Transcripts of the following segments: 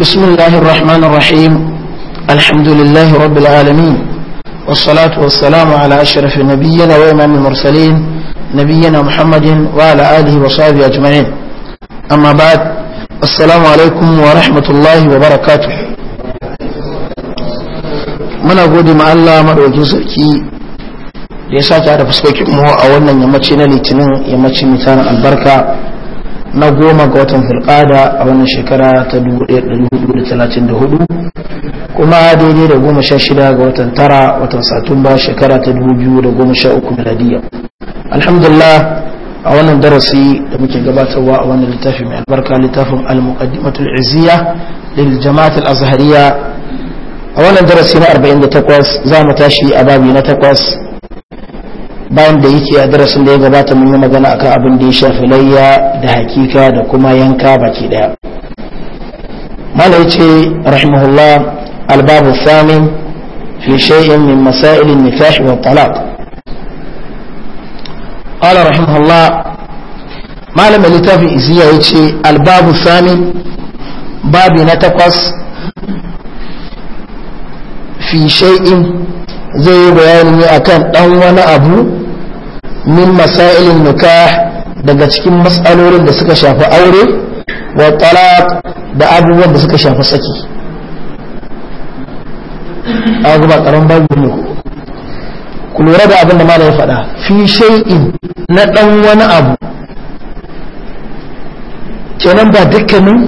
بسم الله الرحمن الرحيم الحمد لله رب العالمين والصلاة والسلام على أشرف نبينا وإمام المرسلين نبينا محمد وعلى آله وصحبه أجمعين أما بعد السلام عليكم ورحمة الله وبركاته من أقول مع الله مدعوكي سركي ليسا تعرف سوكي مو أولا يمتشنا لتنين يمتشنا البركة na goma ga watan fulƙada a wannan shekara ta 1434 kuma daidai da goma sha shida ga watan tara watan satumba shekara ta 2013 miladiya alhamdulillah a wannan darasi da muke gabatarwa a wannan littafi mai albarka littafin al-muqaddimatul izziya lil jama'atul azhariya a wannan darasi na 48 za mu tashi a babi na takwas bayan da yake a darasin da ya gabata mun yi magana akan abin da ya shafi layya da hakika da kuma yanka baki daya malai ce rahimahullah albabu samin fi shay'in min masail an-nikah wa talaq qala rahimahullah malam littafin iziya yace albabu samin babi na takwas fi shay'in zai yi bayani ne akan dan wani abu min masailin nikah daga cikin matsalolin da suka shafi aure wa talaq da abubuwan da suka shafi saki a zuba karan babu ne ku lura da abin da mala ya faɗa fi shay'in na dan wani abu kenan ba dukkanin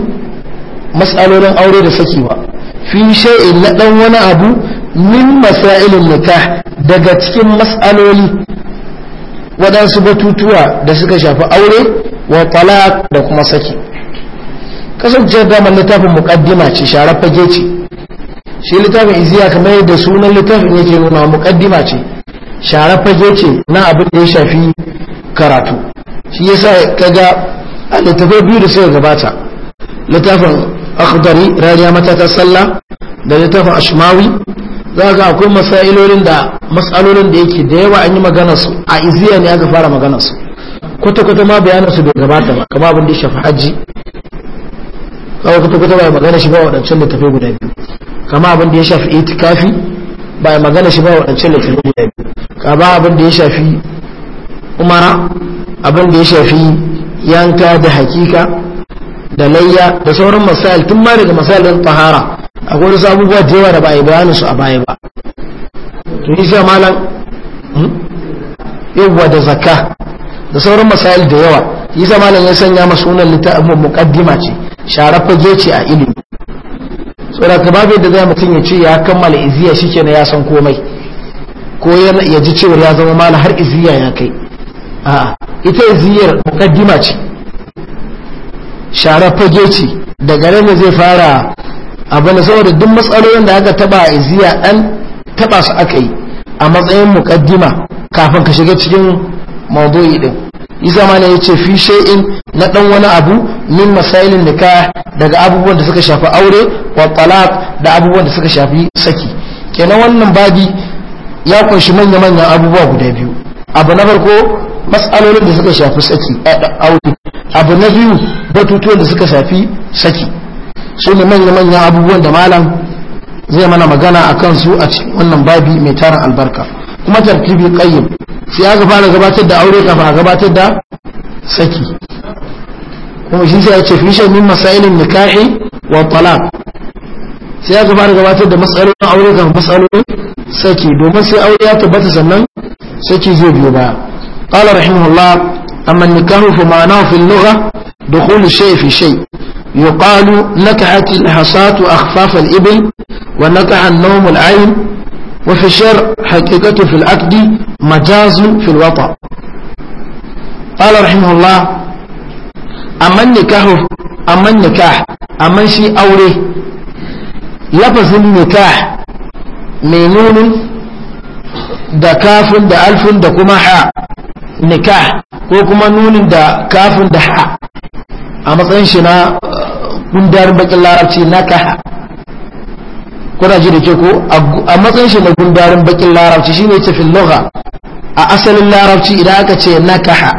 matsalolin aure da saki ba fi shay'in na dan wani abu min masailin nikah daga cikin mas'aloli waɗansu batutuwa da suka shafi aure wa talaq da kuma saki kasancewar damar littafin muƙaddima ce sharar fage ce shi littafin iziya kamar yadda sunan littafin yake nuna muƙaddima ce sharar fage ce na abin da ya shafi karatu shi yasa kaga a littafai biyu da suka gabata littafin akhdari rariya matata sallah da littafin ashmawi za ga akwai masalolin da masalolin da yake da yawa an yi magana su a iziya ne aka fara magana su kwata kwata ma bayanan su bai gabata ba kama abin da ya shafi hajji kawai kwata kwata ya magana shi ba waɗancan da tafi guda biyu kama abin da ya shafi itikafi ya magana shi ba waɗancan da tafi guda biyu kama abin da ya shafi umara abin da ya shafi yanka da hakika da layya da sauran masail tun ma daga masailin tahara akwai wasu abubuwa da yawa da ba a yi bayanin su a baya ba to ni sai malam hmm? yawwa da zakka da sauran masail da yawa yi sai malam ya sanya ma sunan littafin mukaddima ce sharar fage ce a ilimi saboda ka babu yadda zai mutum ya ce ya kammala iziya na ya san komai ko ya ji cewa ya zama malam har iziya ya kai a ita iziyar mukaddima ce sharar fage ce daga nan zai fara abin da saboda duk matsalolin da aka taba a iziya dan taba su aka yi a matsayin muqaddima kafin ka shiga cikin mawdu'i din isa mana yace fi shay'in na dan wani abu min masailin nikah daga abubuwan da suka shafi aure wa talaq da abubuwan da suka shafi saki kenan wannan babi ya kunshi manya-manyan abubuwa guda biyu abu na farko matsalolin da suka shafi saki eh, aure abu na biyu batutuwan da suka shafi saki su ne manya-manyan abubuwan da malam zai mana magana a kansu a cikin wannan babi mai tarin albarka kuma tartibi qayyim sai aka fara gabatar da aure kafin a gabatar da saki kuma shi sai ya ce fi shan min masailin nikahi wa talaq sai aka fara gabatar da matsalolin aure kafin matsalolin saki domin sai aure ya tabbata sannan saki zai biyo baya qala rahimahullah amma nikahu fa ma'anahu fil lugha dukhul shay fi shay يقال نكعت الحصاة أخفاف الإبل ونكع النوم العين وفي الشر حقيقة في العقد مجاز في الوطأ قال رحمه الله أما النكاح أما النكاح أما شيء أوله لفظ النكاح منون da kafin da alfin da kuma ha nikah ko kuma nunin da kafin da ha a matsayin shi na gundarin bakin larabci na kaha kuna ji da ke ko a matsayin shi na gundarin bakin larabci shine ce fil lugha a asalin larabci idan aka ce na kaha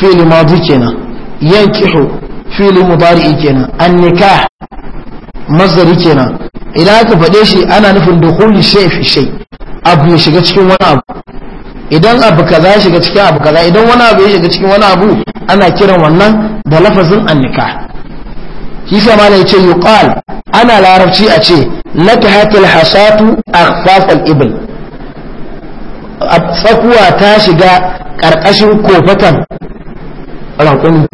fi'li madi kenan yankihu fi'li mudari kenan an nikah mazari kenan idan aka fade shi ana nufin dukhuli shay fi shay abu ya shiga cikin wani abu idan abu kaza ya shiga cikin abu kaza idan wani abu ya shiga cikin wani abu ana kiran wannan da lafazin annika yasa ma yace yuqal ana larabci a ce natahatil hasatu akhfaf al ibl tsakuwa ta shiga karkashin kofatan raƙumi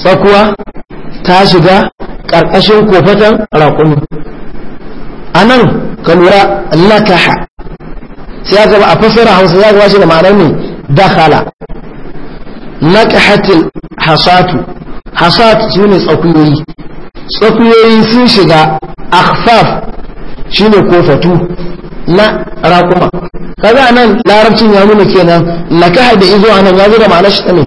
tsakuwa ta shiga karkashin kofatan raƙumi anan ka lura lataha sai aka ba a fassara hausa ya gaba da ma'anar ne dakhala nakahatil hasatu hasat su ne tsakuyoyi tsakuyoyi sun shiga akhfaf shi kofatu na rakuma kaga nan larabcin ya nuna kenan ka da izo a nan ya zo da ma'anar shi ne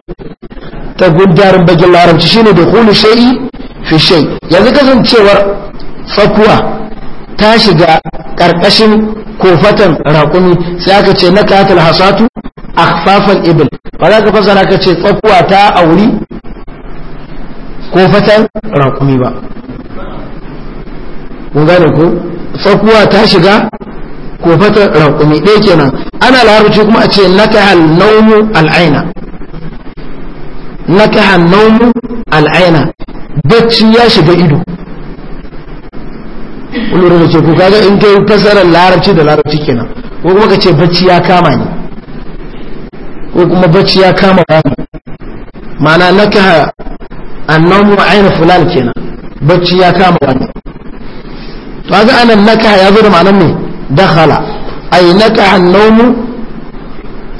ta gudarin bagin larabci shine da hulu shai fi shai yanzu kasancewar tsakuwa ta shiga karkashin kofatan rakumi sai aka ce na katil hasatu akhfafal ibil ba za ka fasara ka ce tsakuwa ta auri ko fatan raƙumi ba mun gane ko tsakuwa ta shiga ko fatan raƙumi ɗaya kenan ana larabci kuma a ce nakahal naumu al'aina nakahal naumu al'aina bacci ya shiga ido kullum da ce ku kaga in kai fasarar larabci da larabci kenan ko kuma ka ce bacci ya kama ni ko kuma bacci ya kama ba ma'ana nakaha annan wa aina fulan kenan bacci ya kama wani to ga anan nakaha ya zo da ma'anar ne dakhala ay nakaha an-nawmu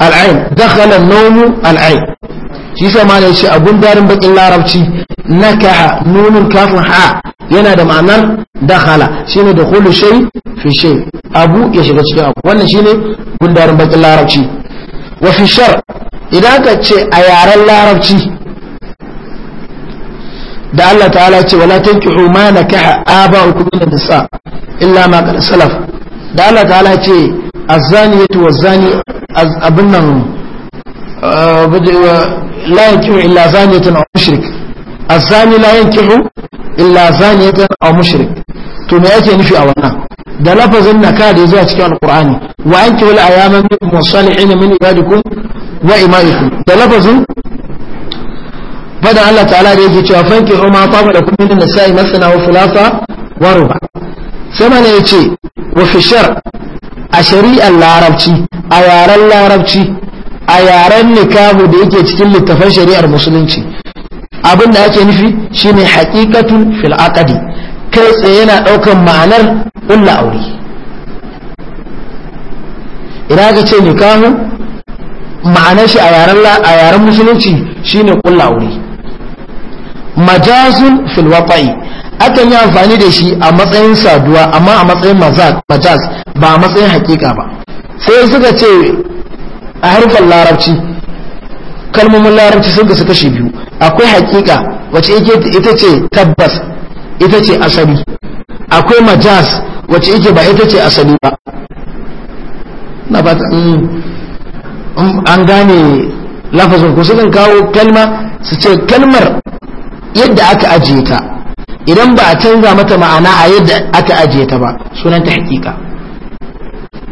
al-ayn dakhala an-nawmu shi sa ma ne shi abun darin bakin larabci nakaha nunun kafin ha yana da ma'anar dakhala shine da kullu shay fi shay abu ya shiga cikin abu wannan shine gundarin bakin larabci wa fi shar idan ka ce a yaren larabci da Allah ta'ala ce wala tankihu ma nakaha aba'ukum min nisa illa ma qad salaf da Allah ta'ala ce azaniyatu wazani abunnan zani abun nan uh, la yankihu illa zaniyatan aw mushrik azani la yankihu illa zaniyatan aw mushrik to me yake nufi a wannan da lafazin naka da zuwa cikin alqur'ani wa yankihu al-ayama min wa salihin min ibadikum wa imaikum da lafazin fada Allah ta'ala da yake cewa fanki huma taba da kuma da sai masana wa fulasa wa ruba sai mana yace wa fi a shari'ar larabci a yaren larabci a yaren nikahu da yake cikin littafan shari'ar musulunci abin da ake nufi shine haqiqatun fil aqdi kai tsaye yana daukan ma'anar ulla aure Ina ka ce nikahu ma'anar shi a yaren musulunci shine kulla aure majazun fil wata'i akan yi amfani da shi a matsayin saduwa amma a matsayin majaz ba a matsayin hakika ba sai suka ce a harfin larabci kalmomin larabci sun gasu kashe biyu akwai hakika wacce ita ce tabbas ita ce asali akwai majaz wacce ike ba ita ce asali ba na ba an gane lafazin ku sukan kawo kalma su ce kalmar yadda aka ajiye ta idan ba a canza mata ma'ana a yadda aka ajiye ta ba sunan ta hakika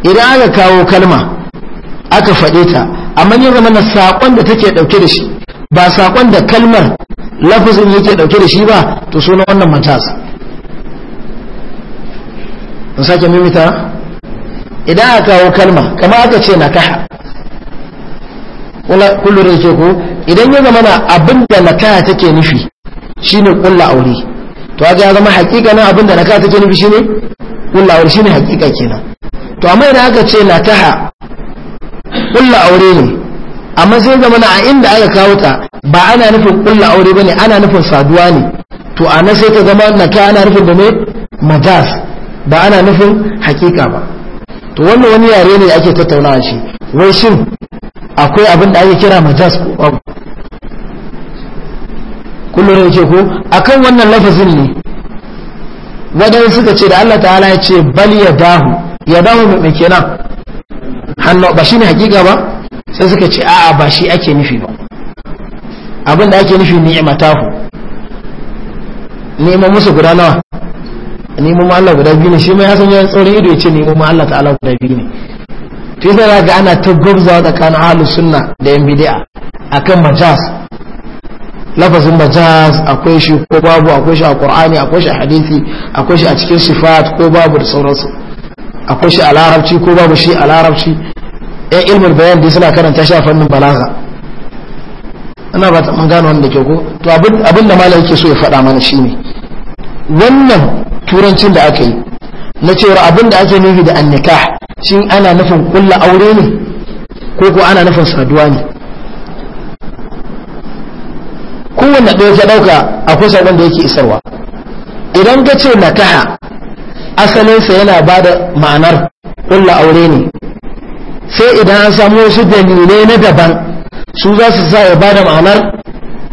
idan aka kawo kalma aka faɗe ta amma ya zama na saƙon da take ɗauke da shi ba saƙon da kalmar lafazin yake ɗauke da shi ba to sunan wannan matasa in sake mimita idan aka kawo kalma kama aka ce na kaha kullum da ke ko idan ya zama na abin da na kaha take nufi shine kulla aure to aje ya zama hakika nan abinda na ka take nufi shine kulla aure shine hakika kenan to amma idan aka ce taha kulla aure ne amma sai zama na a inda aka kawo ta ba ana nufin kulla aure bane ana nufin saduwa ne to ana sai ta zama na ta ana nufin da me majaz ba ana nufin hakika ba to wannan wani yare ne ake tattaunawa shi wai shin akwai abin da ake kira majas ko kullum ya ce ko akan wannan lafazin ne wadanda suka ce da Allah ta'ala ya ce bal ya dahu ya dahu mai kenan hannu ba shi ne hakika ba sai suka ce a'a ba shi ake nufi ba abin da ake nufi ni'imatahu neman musu guda nawa neman Allah guda biyu ne shi mai hasan yawan tsoron ido ya ce neman Allah ta'ala guda biyu ne to sai ga ana ta gobza tsakanin ahlus sunna da yan bid'a akan majas lafazin majaz akwai shi ko babu akwai shi a qur'ani akwai shi a hadisi akwai shi a cikin sifat ko babu da sauransu akwai shi a larabci ko babu shi a larabci ɗan ilmin bayan da suna karanta shi a fannin balaga ina ba ta mun gano wanda ke ko to abin da malam yake so ya faɗa mana shine wannan turancin da aka yi na cewa abin da ake nufi da annikah shin ana nufin kulla aure ne ko ko ana nufin saduwa ne kowanne ɗaya ka ɗauka akwai wanda yake isarwa idan ka ce na nakaha asalinsa yana ba da ma'anar ƙulla aure ne sai idan an samu wasu dalilai na daban su za su sa ya ba da ma'anar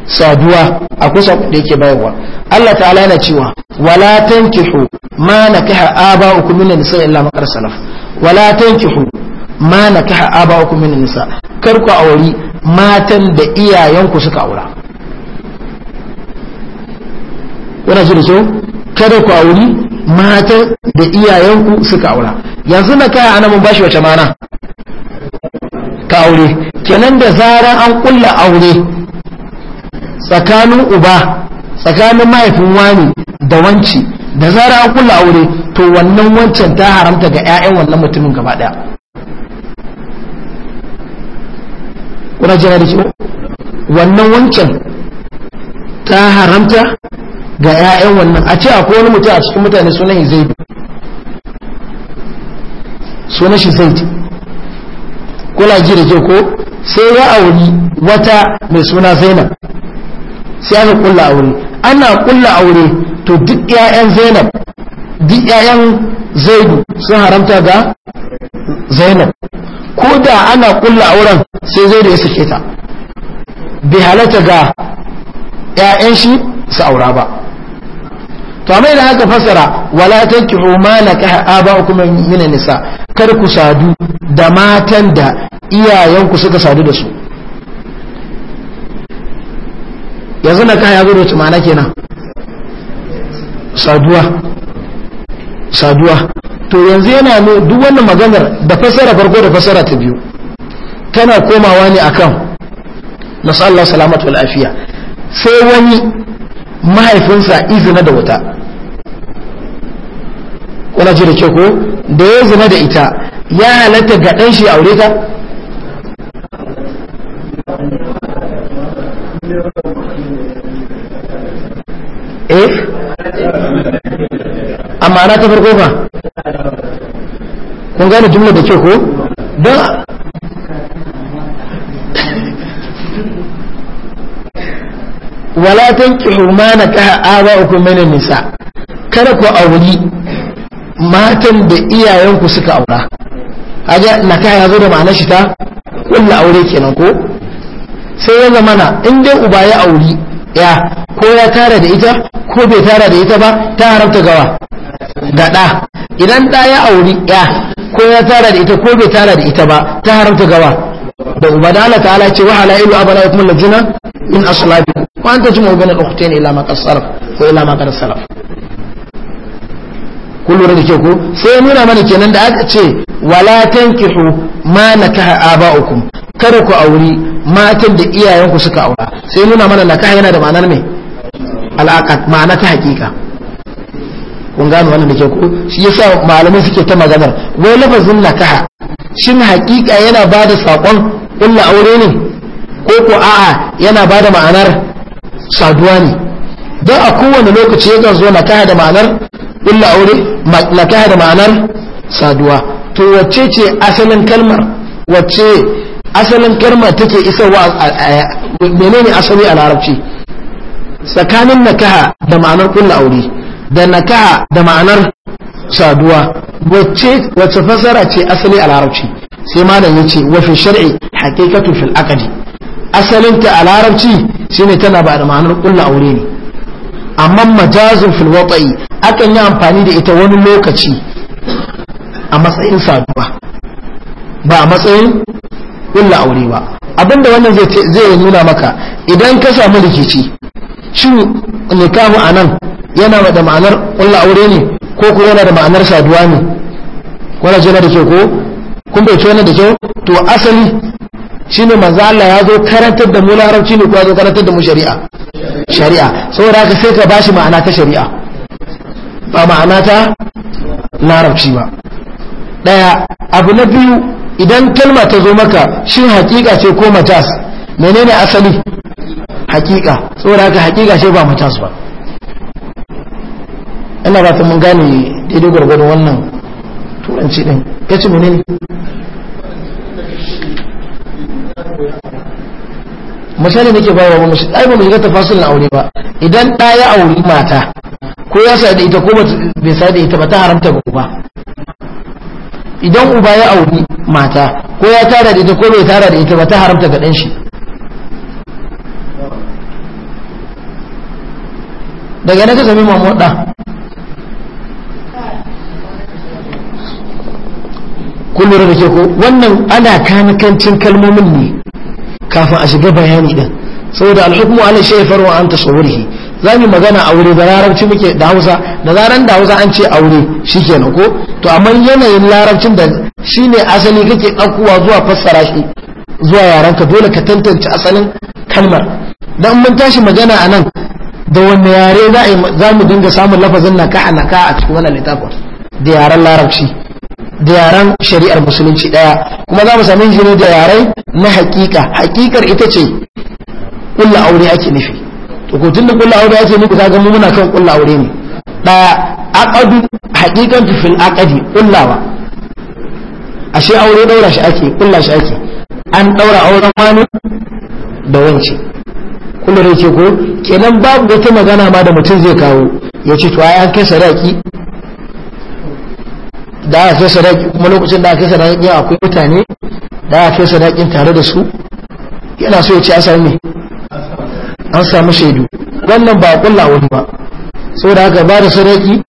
sabuwa a kusa da yake bayarwa Allah ta'ala yana cewa wala tankihu ma na kaha nakaha aba'ukum min nisa illa makar salaf wala tankihu ma na kaha nakaha aba'ukum min nisa kar ku auri matan da iyayenku suka aura yana shi da so kada ku auri matan da iyayenku suka aura yanzu na kaya ana mun bashi wace mana ka aure kenan da zaran an kulla aure tsakanin uba tsakanin mahaifin wani da wanci da zaran an kulla aure to wannan wancan ta haramta ga 'ya'yan wannan mutumin gaba daya kuna jira da wannan wancan ta haramta ga 'ya'yan wannan a ce akwai wani mutum a cikin mutane sunan shi zaidu sunan shi ti kula ji da ke ko sai ya auri wata mai suna zainab sai aka kulla aure ana kulla aure to duk 'ya'yan zainab duk 'ya'yan zaidu sun haramta ga zainab ko da ana kulla auren sai zai da ya sake ta bai halatta ga 'ya'yan shi su aura ba to amma idan aka fasara wala tankihu ma laka aba'ukum min nisa kar ku sadu da matan da iyayenku suka sadu da su yanzu na kaya gudu ta mana kenan saduwa saduwa to yanzu yana ne duk wannan maganar da fasara farko da fasara ta biyu tana komawa ne akan nasu Allah salamatu wal afiya sai wani mahaifinsa izina da wuta kuna ji da ke ko da ya zina da ita ya halatta ga ɗan shi aure ta eh amma na ta farko ba kun gane jumla da ke ko don wala tankihu ma nakaha aba'ukum min nisa kada ku auri matan da iyayenku suka aura haja nakaha yazo da ma'anar shi ta kullu aure kenan ko sai ya zama na, in dai uba ya auri ya ko ya tara da ita ko bai tara da ita ba ta haramta gawa ga ɗa idan ɗa ya auri ya ko ya tara da ita ko bai tara da ita ba ta haramta gawa da uba da Allah ta'ala ce wa halailu abana yakum lazina min aslabi ta تجمع بين الأختين إلى ما قد صرف وإلى ko قد صرف kun lura da ke ku sai nuna mana kenan da aka ce wala tankihu ma nakaha aba'ukum kada ku auri matan da iyayenku suka aura sai nuna mana nakaha yana da ma'anar me al'aqat ma'ana ta hakika kun gano wannan da ke ku shi yasa malamai suke ta maganar wai lafazin nakaha shin hakika yana bada sakon kullu aure ne ko ko a'a yana bada ma'anar saduwa ne don a kowane lokaci ya zo na kaha da ma'anar illa aure na kaha da ma'anar saduwa to wacce ce asalin kalmar wacce asalin kalmar take isarwa menene asali a larabci tsakanin na kaha da ma'anar kulla aure da na kaha da ma'anar saduwa wacce fasara ce asali a larabci sai malam ya ce fi shar'i haqiqatu fil aqdi asalin ta a larabci ne tana ba da ma'anar ƙulla aure ne amma majazin fil wata'i akan yi amfani da ita wani lokaci a matsayin saduwa ba a matsayin ƙulla aure ba abinda wannan zai nuna maka idan ka samu rikici shin a nan yana da ma'anar ƙulla aure ne ko kuma yana da ma'anar saduwa ne wannan jina da ke ko kun bai da kyau to asali shine manzo Allah ya zo karantar da mu larabci ne ko ya zo karantar da mu shari'a shari'a saboda haka sai ka bashi ma'ana ta shari'a ba ma'ana ta larabci ba daya abu na biyu idan kalma ta zo maka shin hakika ce ko matas menene asali hakika saboda haka hakika ce ba matas ba ina ba ta mun gane daidai gwargwadon wannan turanci din kace menene misali nake bayarwa ba mashi ɗaya ba mu shiga na aure ba idan ɗa ya auri mata ko ya sa da ita ko bai sa da ita ba ta haramta ba uba idan uba ya auri mata ko ya tara da ita ko bai tara da ita ba ta haramta ga ɗan shi daga na ka sami mamuwa ɗan. kun lura da ke ko wannan ana kamakancin kalmomin ne kafin a shiga bayani din saboda alukmu ala shayfar wa anta shawrihi zamu magana wuri da larabci muke da Hausa da zaran da Hausa an ce aure shikenan ko to amma yanayin larabcin da shine asali kake dakuwa zuwa fassara shi zuwa ka dole ka tantance asalin kalmar dan mun tashi magana anan da wanne yare za mu dinga samun lafazin naka a naka a cikin wannan littafin da yaren larabci da yaren shari'ar musulunci daya kuma za mu sami jini da yaren na hakika hakikar ita ce kulla aure ake nufi to ko tun da kulla aure ake nufi kaga mu muna kan kulla aure ne da aqadu hakikan fil aqadi kullawa ashe aure daura shi ake kulla shi ake an daura auren wani da wance kullu da ke ko kenan babu wata magana ma da mutum zai kawo ya ce to ai an kai sadaki da aka kai sadaki kuma lokacin da aka kai akwai mutane da aka kai tare da su yana so ya ce asar ne an samu shaidu wannan ba kulla wani ba saboda aka ba da sadaki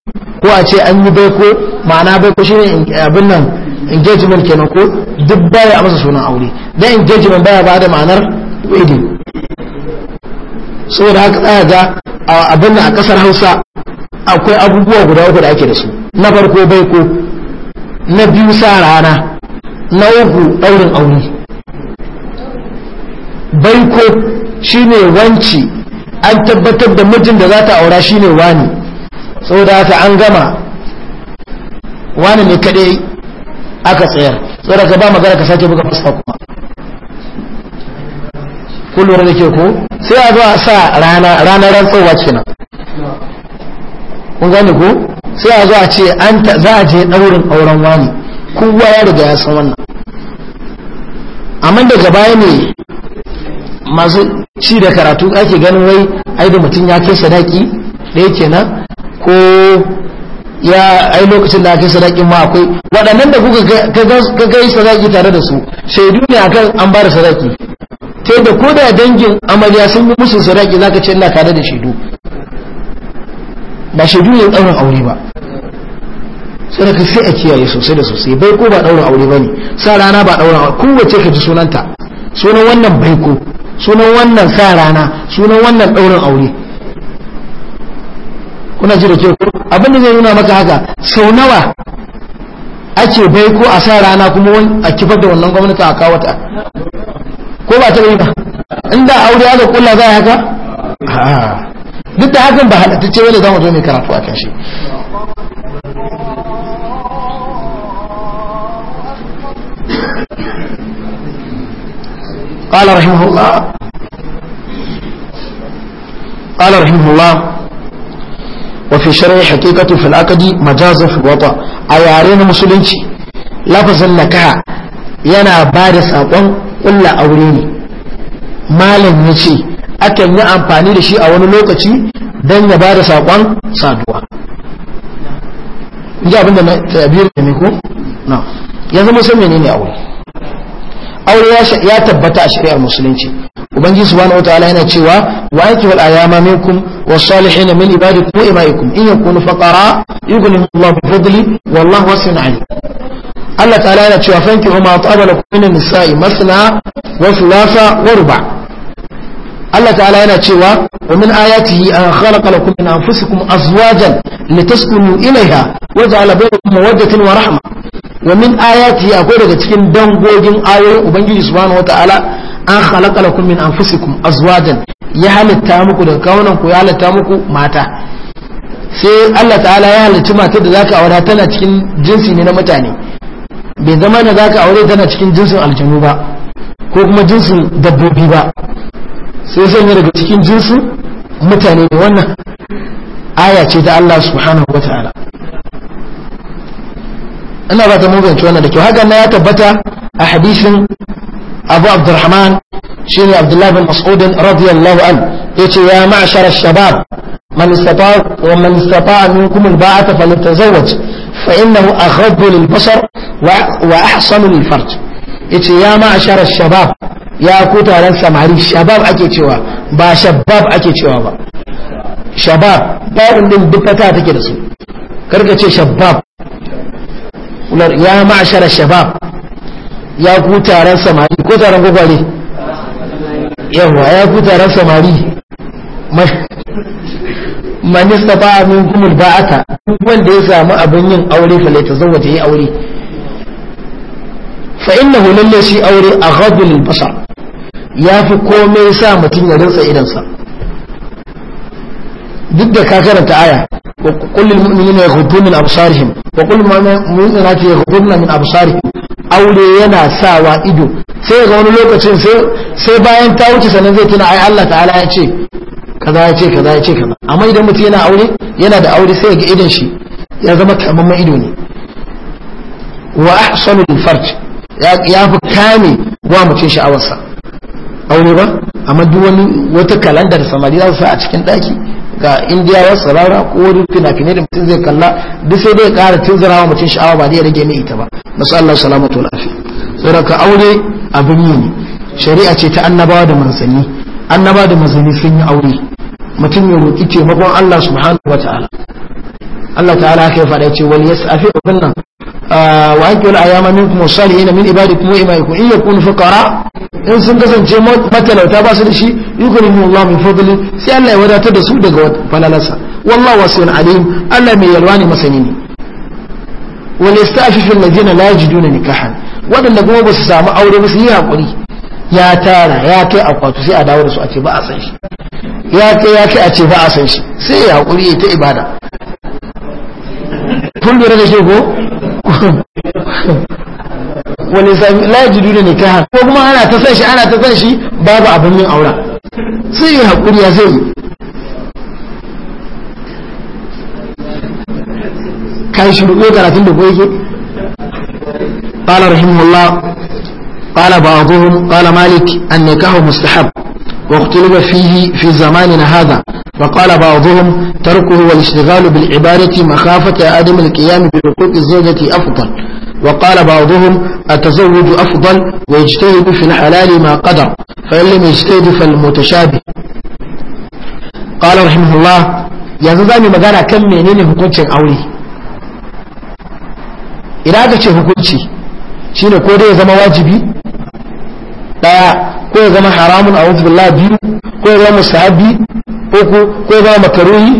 ko a ce an yi baiko ma'ana baiko ne abin nan engagement kenan ko duk baya a masa sunan aure dan engagement baya ba da ma'anar wedding saboda haka tsaya ga abin nan a kasar Hausa akwai abubuwa guda uku da ake da su na farko baiko na biyu sa rana na uku ɗaurin aure baiko shine wanci an tabbatar da mijin da za ta aura shine wani saboda ta an gama wani ne kaɗai aka tsayar saboda ka ba magana ka sake buga fasfa kuma kullum da ke ko sai a zo a sa rana ranar rantsowa kenan kun gane ko sai a zo a ce an za a je ɗaurin auren wani kowa ya riga ya san wannan amma da gaba ne masu ci da karatu ake ganin wai ai da mutum ya kai sadaki ɗaya kenan ko ya ai lokacin da aka sadakin ma akwai waɗannan da kuka ga kai sadaki tare da su shaidu ne akan an ba sadaki ta da ko da dangin amarya sun yi musu sadaki zaka ce ina tare da shi ba shaidu ne daura aure ba sai ka sai a kiyaye sosai da sosai bai ko ba daura aure ba ne sa rana ba ba aure kowace ka ji sunanta sunan wannan baiko sunan wannan sa rana sunan wannan daurin aure kuna ji da ke abin da zai nuna maka haka sau nawa ake ko a sa rana kuma a kifar da wannan gwamnati a kawata ko ba ta yi ba inda aure aka kulla za a haka duk da hakan ba halattacce wani za mu zo mai karatu a kan shi قال رحمه الله قال رحمه الله وفي شرع حقيقة في الأكد مجاز في الوطا أيارين مسلمتي لفظ لك yana ba da saƙon ƙulla aure malam ya ce akan yi amfani da shi a wani lokaci don ya ba da saƙon saduwa ji abinda na tabiyar da ko na yanzu musan mene ne aure aure ya tabbata a shari'ar musulunci ubangiji subhanahu wataala yana cewa wa anki wal ayama minkum was salihin min ibadikum wa imaikum in yakunu faqara yughni Allahu fadli wallahu wasi'un alim Allah ta'ala yana cewa fanki ma tabalakum min nisai masna wa thulatha wa ruba' Allah ta'ala yana cewa wa min ayatihi an khalaqa lakum min anfusikum azwajan litaskunu ilayha wa ja'ala bainakum mawaddatan wa rahma wa min ayatihi akwai daga cikin dangogin ayoyin ubangiji subhanahu wata'ala an khalaqa lakum min anfusikum azwajan ya halitta muku daga kawunan ku ya halitta muku mata sai Allah ta'ala ya halitta matar da zaka aura tana cikin jinsi ne na mutane bai zama da zaka aure tana cikin jinsin aljanu ba ko kuma jinsin dabbobi ba sai yi daga cikin jinsi mutane da wannan aya ce da Allah subhanahu wa ta'ala ina ba ta muganci wannan da kyau haka na ya tabbata a hadisin abu abdurrahman shi ne abdullahi bin mas'udin radiyallahu an ya ce ya ma'ashar shabab man istata wa man istata minkum alba'ata falyatazawwaj fa innahu aghaddu lil basar wa ahsanu lil farj ce ya ma'ashar shabab ya ku taron samari shabab ake cewa ba shabab ake cewa ba shabab ba'un din duk ta take da su karka ce shabab ya ma'ashara shabab ya ku taron samari ko taron gwagwale yawa ya ku taron samari manista ba min kumul ba'ata wanda ya samu abin yin aure fa lai ta zauwa ta yi aure fa innahu lalle shi aure a aghaddu lil ya fi komai sa mutum ya rantsa idansa duk da ka karanta aya wa qul lil mu'minina yaghuddu min absarihim wa qul lil mu'minati yaghuddu min absarihim aure yana sawa ido sai ga wani lokacin sai bayan ta wuce sannan zai tuna ai Allah ta'ala ya ce kaza ya ce kaza ya ce kaza amma idan mutum yana aure yana da aure sai ga idan shi ya zama kamamman ido ne wa ahsanul farj ya fi kame wa mutum sha'awarsa wani ba amma duk wata kalandar samari za su sa a cikin daki ga ya tsarara ko wani fina-finai da mutum zai kalla duk sai dai kara tunzura wa mutum sha'awa ba da ya rage mai ita ba masu Allah salamatu lafi ka aure abin yi ne shari'a ce ta annabawa da manzanni annabawa da manzanni sun yi aure mutum ya roƙi taimakon Allah subhanahu wa ta'ala Allah ta'ala haka ya faɗa ce wani yasafi abin nan ah, wa ake wani ayyama min kuma salihin min ibadi kuma imaiku in ya kunu fuqara in sun kasance matalauta ba su da shi yukurin Allah min fadli sai Allah ya wadatar da su daga falalarsa wallahu wasi'un alim Allah mai yalwa ne masani ne wal yastafifin ladina la yajiduna nikahan wadanda kuma ba su samu aure ba su yi hakuri ya tara ya kai akwatu sai a dawo da su a ce ba a san shi ya kai ya kai a ce ba a san shi sai ya hakuri ta ibada kun lura da shi ko wani sami laji dole ne ta ko kuma ana ta san shi ana ta san shi babu abin yin aura sai ya hakuri ya zai kai shi rubo karatun da ko yake قال رحمه الله قال بعضهم قال مالك النكاح مستحب واختلف فيه في زماننا هذا وقال بعضهم تركه والاشتغال بالعبارة مخافة عدم القيام بحقوق الزوجة أفضل وقال بعضهم التزوج أفضل ويجتهد في الحلال ما قدر فإن لم يجتهد فالمتشابه قال رحمه الله يا زوجاني ما قال kan منين hukuncin aure ina ga shine ko dai ya zama wajibi daya ko ya zama haramun a billah biyu ko ya zama musahabi uku ko ya zama makaruhi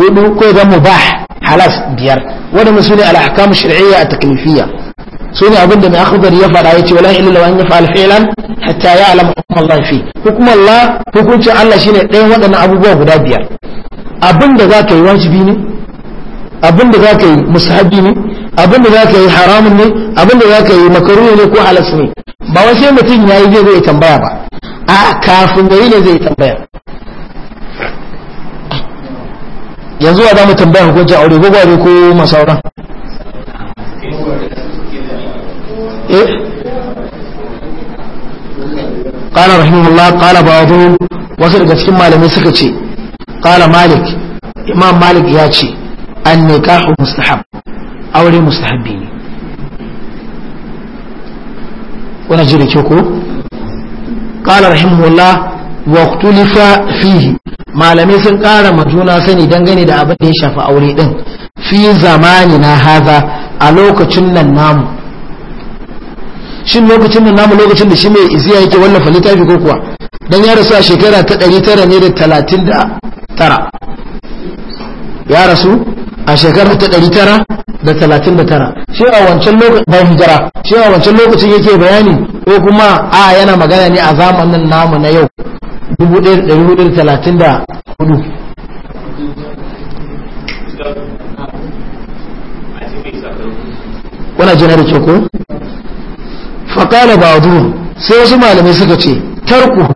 hudu ko ya zama mubah halas biyar wadannan sune al-ahkam shar'iyya at-taklifiyya sune abinda mai akhbar ya fada yace wala illa law an yaf'al fi'lan hatta ya alama Allah fi hukumar Allah hukuncin Allah shine ɗayan wadannan abubuwa guda biyar abinda zaka yi wajibi ne abinda zaka yi musahabi ne abin da zaka yi haramun ne abin da zaka yi makaruhi ne ko halas ne ba wai sai mutum ya zai zai tambaya ba a kafin yayi ne zai tambaya yanzu a za mu tambaya hukuncin aure ko gwari ko masauran قال رحمه الله قال بعضهم wasu daga cikin malamai suka ce qala malik مالك malik ya ce an aure mustahabbi ne wani ji da ko ƙala rahimullah wa tulifa fihi malamai sun ƙara majuna sani dangane da abin da ya shafi aure din fi zamani na haza a lokacin nan namu shin lokacin nan namu lokacin da shi mai iziya yake wallafa littafi ko kuwa don ya rasu a shekara ta 939 ya rasu a shekara ta da talatin da tara shi a wancan lokacin bayan hijira shi a wancan lokacin yake bayani ko kuma a yana magana ne a zamanin namu na yau 1434 wana jina da ke ko? faƙala ba sai wasu malamai suka ce tarku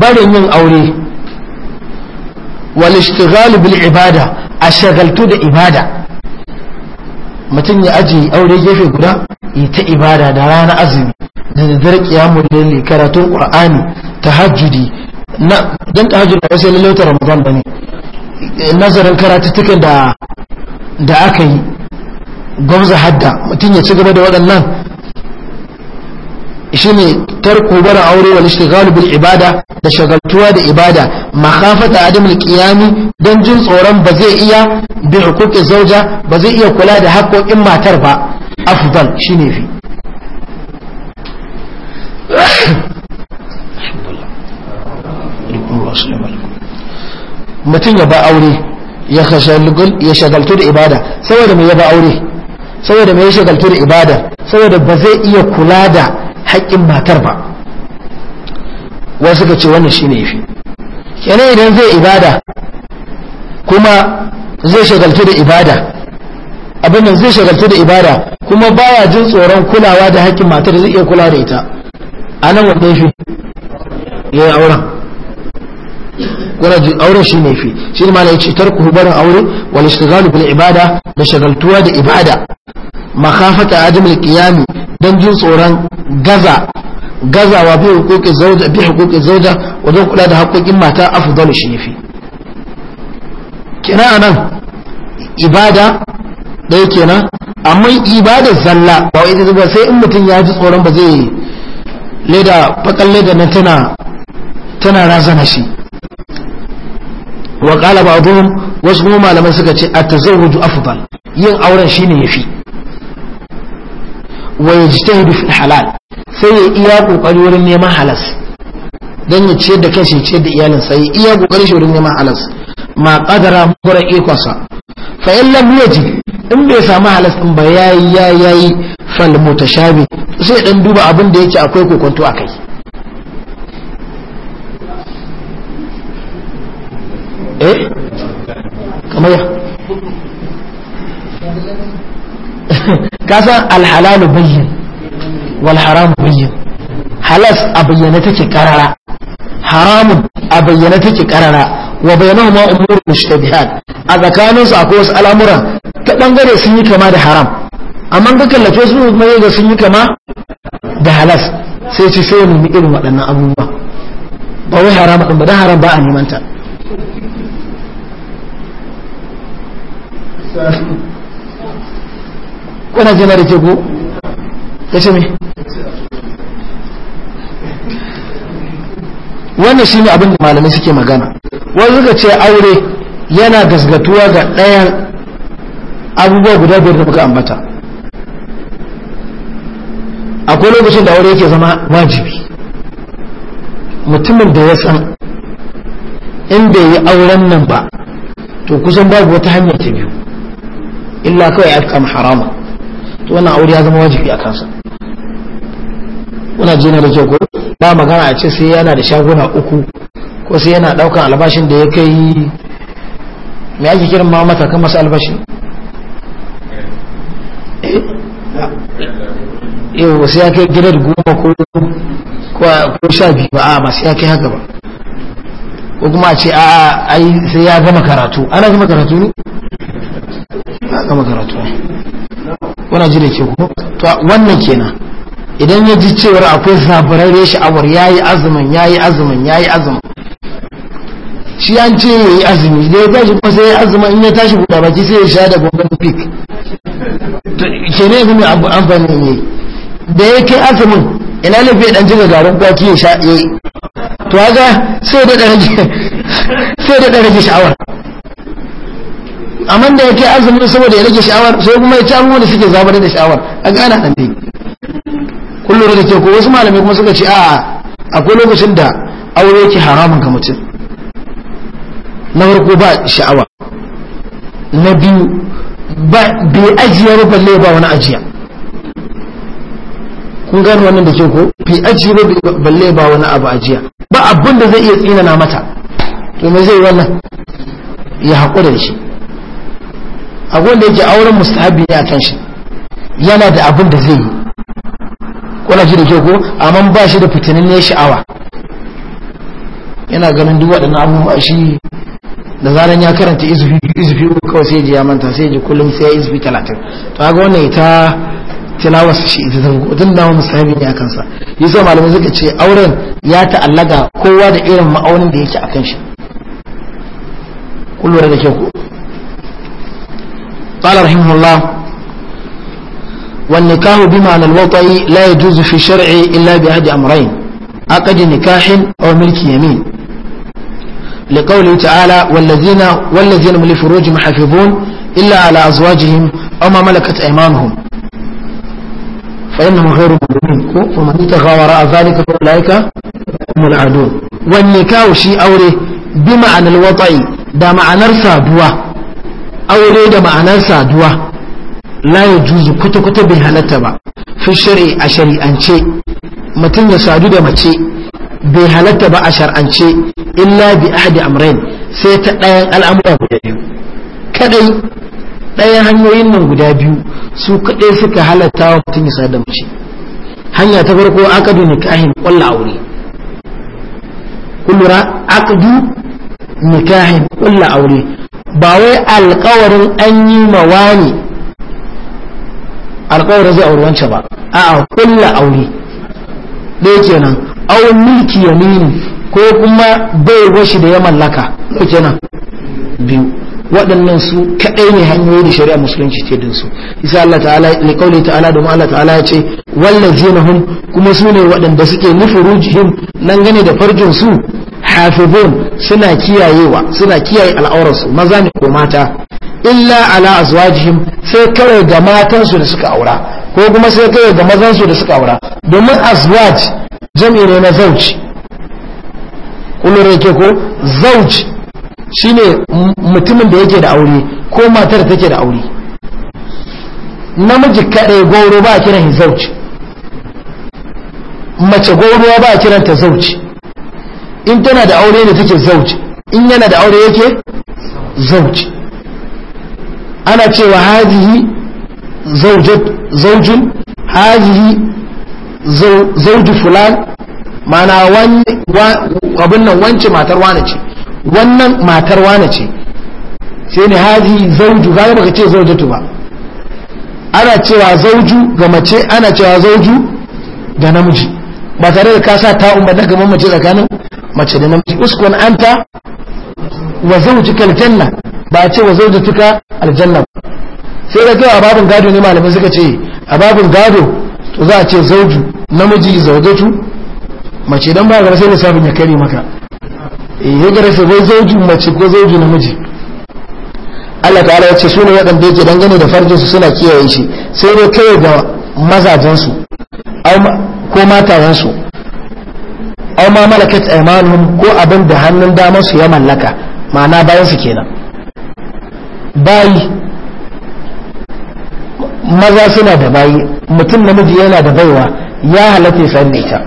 barin yin aure wal ishtighal bil ibada a shagaltu da ibada mutum ya aji aure gefe guda ya ta ibada da rana azumi da kiyamu da ne karatun qur'ani tahajjudi na dan tahajjud wasu sai lautar ramadan bane nazarin karatuttukan da aka yi gwamza hadda mutum ya ci gaba da waɗannan shine tarku bar aure wani ishtighal bil ibada da shagaltuwa da ibada makhafata adam al qiyami dan jin tsoron ba zai iya bi huquqi zauja ba zai iya kula da haƙoƙin matar ba afdal ne fi mutum ya ba aure ya shagaltu da ibada saboda mai ya ba aure saboda mai ya shagaltu da ibada saboda ba zai iya kula da haƙƙin matar ba wasu ka ce wannan shine yafi kenan idan zai ibada kuma zai shagaltu da ibada abin nan zai shagaltu da ibada kuma baya jin tsoron kulawa da haƙƙin matar zai iya kula da ita a nan wanda yafi ya yi auren wani auren shi ne fi shi ne malayi ce tarku barin aure wani shagalu bil ibada da shagaltuwa da ibada makafata ajimul qiyami don jin tsoron gaza gazawa bi hukukin zauja bi hukukin zauja wajen kula da hakokin mata afdalu shi fi. kira anan ibada ɗaya kenan amma ibada zalla ba wai ita ba sai in mutum ya ji tsoron ba zai leda bakan leda nan tana tana razana shi wa qala ba'dhum wasu kuma malamai suka ce at-tazawwuj afdal yin auren shine yafi wa yajtahidu fil halal sai ya iya kokari wurin neman halas dan ya ciyar da kansa ya ciyar da iyalinsa ya iya kokari shi wurin neman halas ma qadara mura ikonsa fa in lam yaji in bai samu halas din ba yayi yayi fal mutashabi sai dan duba abin da yake akwai kokonto akai eh kamar ya kasan alhalalu bayyin wal haramu bayyin halas a bayyana take karara haramun a bayyana take karara wa ma umurun mushtabihat a tsakanin su akwai wasu al'amuran ta bangare sun yi kama da haram amma ga kallafe su kuma yadda sun yi kama da halas sai ci sai mu irin waɗannan abubuwa ba wai haram din ba da haram ba a neman ta kuna jina da teku ya ce mai wannan shi ne abin da malamai suke magana wani suka ce aure yana gasgatuwa ga ɗayan abubuwa guda biyar da muka ambata akwai lokacin da aure yake zama wajibi mutumin da ya san in bai yi auren nan ba to kusan babu wata hanyar ta biyu illa kawai ya haramun to wannan aure ya zama wajibi a kansa kuna jina da kyau ko ba magana a ce sai yana da shaguna uku ko sai yana daukan albashin da ya kai me ake kiran ma mata kan masu albashin eh sai ya kai gidan goma ko ko sha biyu ba a masu ya kai haka ba ko kuma a ce a ai sai ya gama karatu ana gama karatu ne? ana gama karatu ne kuna ji da ke ku to wannan kenan idan ya ji cewar akwai zaburarre sha'awar ya yi azumin ya yi azumin ya yi azumin shi an ce ya yi azumi da ya tashi kuma sai ya azumin in ya tashi buɗa baki sai ya sha da gwamnan fik ke ne abu amfani ne da ya kai azumin ina lafiya dan jiga garin kwaki ya sha ya yi to haka sai da ɗan rage sha'awar amma da yake azumi saboda ya rage sha'awar sai kuma ya ci abubuwan da suke zabar da sha'awar a gana nan dai kullum da ke ko wasu malamai kuma suka ce a akwai lokacin da aure yake haramun ga mutum na farko ba sha'awa na biyu ba bai ajiya ba balle ba wani ajiya kun gano wannan da ke ko bai ajiya ba balle ba wani abu ajiya ba abin da zai iya tsinana mata to me zai wannan ya haƙura da shi akwai wanda yake auren mustahabi ne a kan shi yana da abin da zai yi kuna ji da ke ko amma ba shi da fitinin ne sha'awa yana ganin duk waɗannan abubuwa shi da zaran ya karanta izufi izufi kawai sai ji ya manta sai ji kullum sai ya izufi talatin to haka wannan ita tilawar shi ita zango din da wani sami ne akan sa yasa malamai suka ce auren ya ta'allaga kowa da irin ma'aunin da yake akan shi kullum da ke ko. قال رحمه الله والنكاح بمعنى الوطأ لا يجوز في الشرع إلا بأحد أمرين عقد نكاح أو ملك يمين لقوله تعالى والذين والذين هم لفروجهم حافظون إلا على أزواجهم أو ما ملكت أيمانهم فإنهم غير مؤمنين ومن يتغى وراء ذلك فأولئك هم العادون والنكاح شيء أوره بمعنى الوطأ ده معنى الفادوة aure da ma'anar saduwa la juzu kuta kuta bai halatta ba fi shari'i a shari'ance mutum ya sadu da mace bai halatta ba a shari'ance illa bi ahadi amrain sai ta ɗayan al'amura guda biyu kadai ɗayan hanyoyin nan guda biyu su kadai suka halatta wa mutum ya sadu da mace hanya ta farko akadu nikahin kwallo aure kullura akadu nikahin kwallo aure ba wai alkawarin an yi mawani alkawarin zai auri wancan ba a kulla aure ɗaya kenan au milki yamini ko kuma bai washi da ya mallaka ko kenan biyu waɗannan su kaɗai ne hanyoyi da shari'a musulunci ce din su isa Allah ta'ala ne kauli ta'ala domin Allah ta'ala ya ce wallazina hum kuma su ne waɗanda suke nufurujihim nan gane da farjin su hafizun suna kiyayewa suna kiyaye al'aurarsu maza ne ko mata illa ala azwajihim sai kawai ga matansu da suka aura ko kuma sai kawai ga mazansu da suka aura domin azwaj jami'i ne na zauci kullum ke ko zauci shine mutumin da yake da aure ko matar take da aure namiji kaɗai goro ba kiran zauci mace goro ba kiranta zauci in tana da aure ne take zauci in yana da aure yake zauci ana cewa hazihi zaujun hazihi zauji fulan mana abin nan wance matar wane ce wannan matar wane ce sai ne hazihi zauju gaya baka ce zaujatu ba ana cewa zauju ga mace ana cewa zauju ga namiji ba tare da kasa ta ba daga mamace tsakanin mace da namiji uskun anta wa zawjuka aljanna ba ce wa zawjatuka aljanna sai da cewa babin gado ne malamai suka ce a babin gado to za a ce zawju namiji zawjatu mace dan ba gaba sai sabin ya kare maka eh ya gara sai zawju mace ko zawju namiji Allah ta'ala ya ce su ne waɗanda yake dangane da su suna kiyaye shi sai dai kawai ga mazajensu ko matayensu aw ma malakat aymanuhum ko abin da hannun damar su ya mallaka ma'ana bayan su kenan bayi maza suna da bayi mutum namiji yana da baiwa ya halatta isar da ita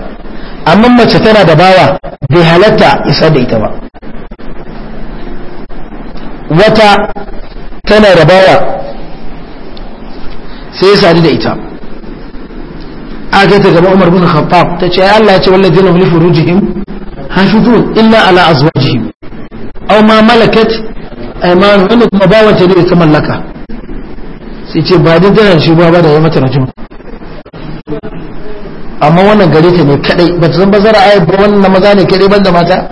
amma mace tana da bawa bai halatta isar da ita ba wata tana da bawa sai ya sadu da ita aka ta gaba Umar bin Khattab ta ce Allah ya ce wallazina hum li furujihim hafizun illa ala azwajihim aw ma malakat aymanu inna kuma ba wace da ta mallaka sai ce ba da daren shi ba da ya mata rajum amma wannan gare ta ne kadai ba ta san ba zara ayi ba wannan maza ne kadai banda mata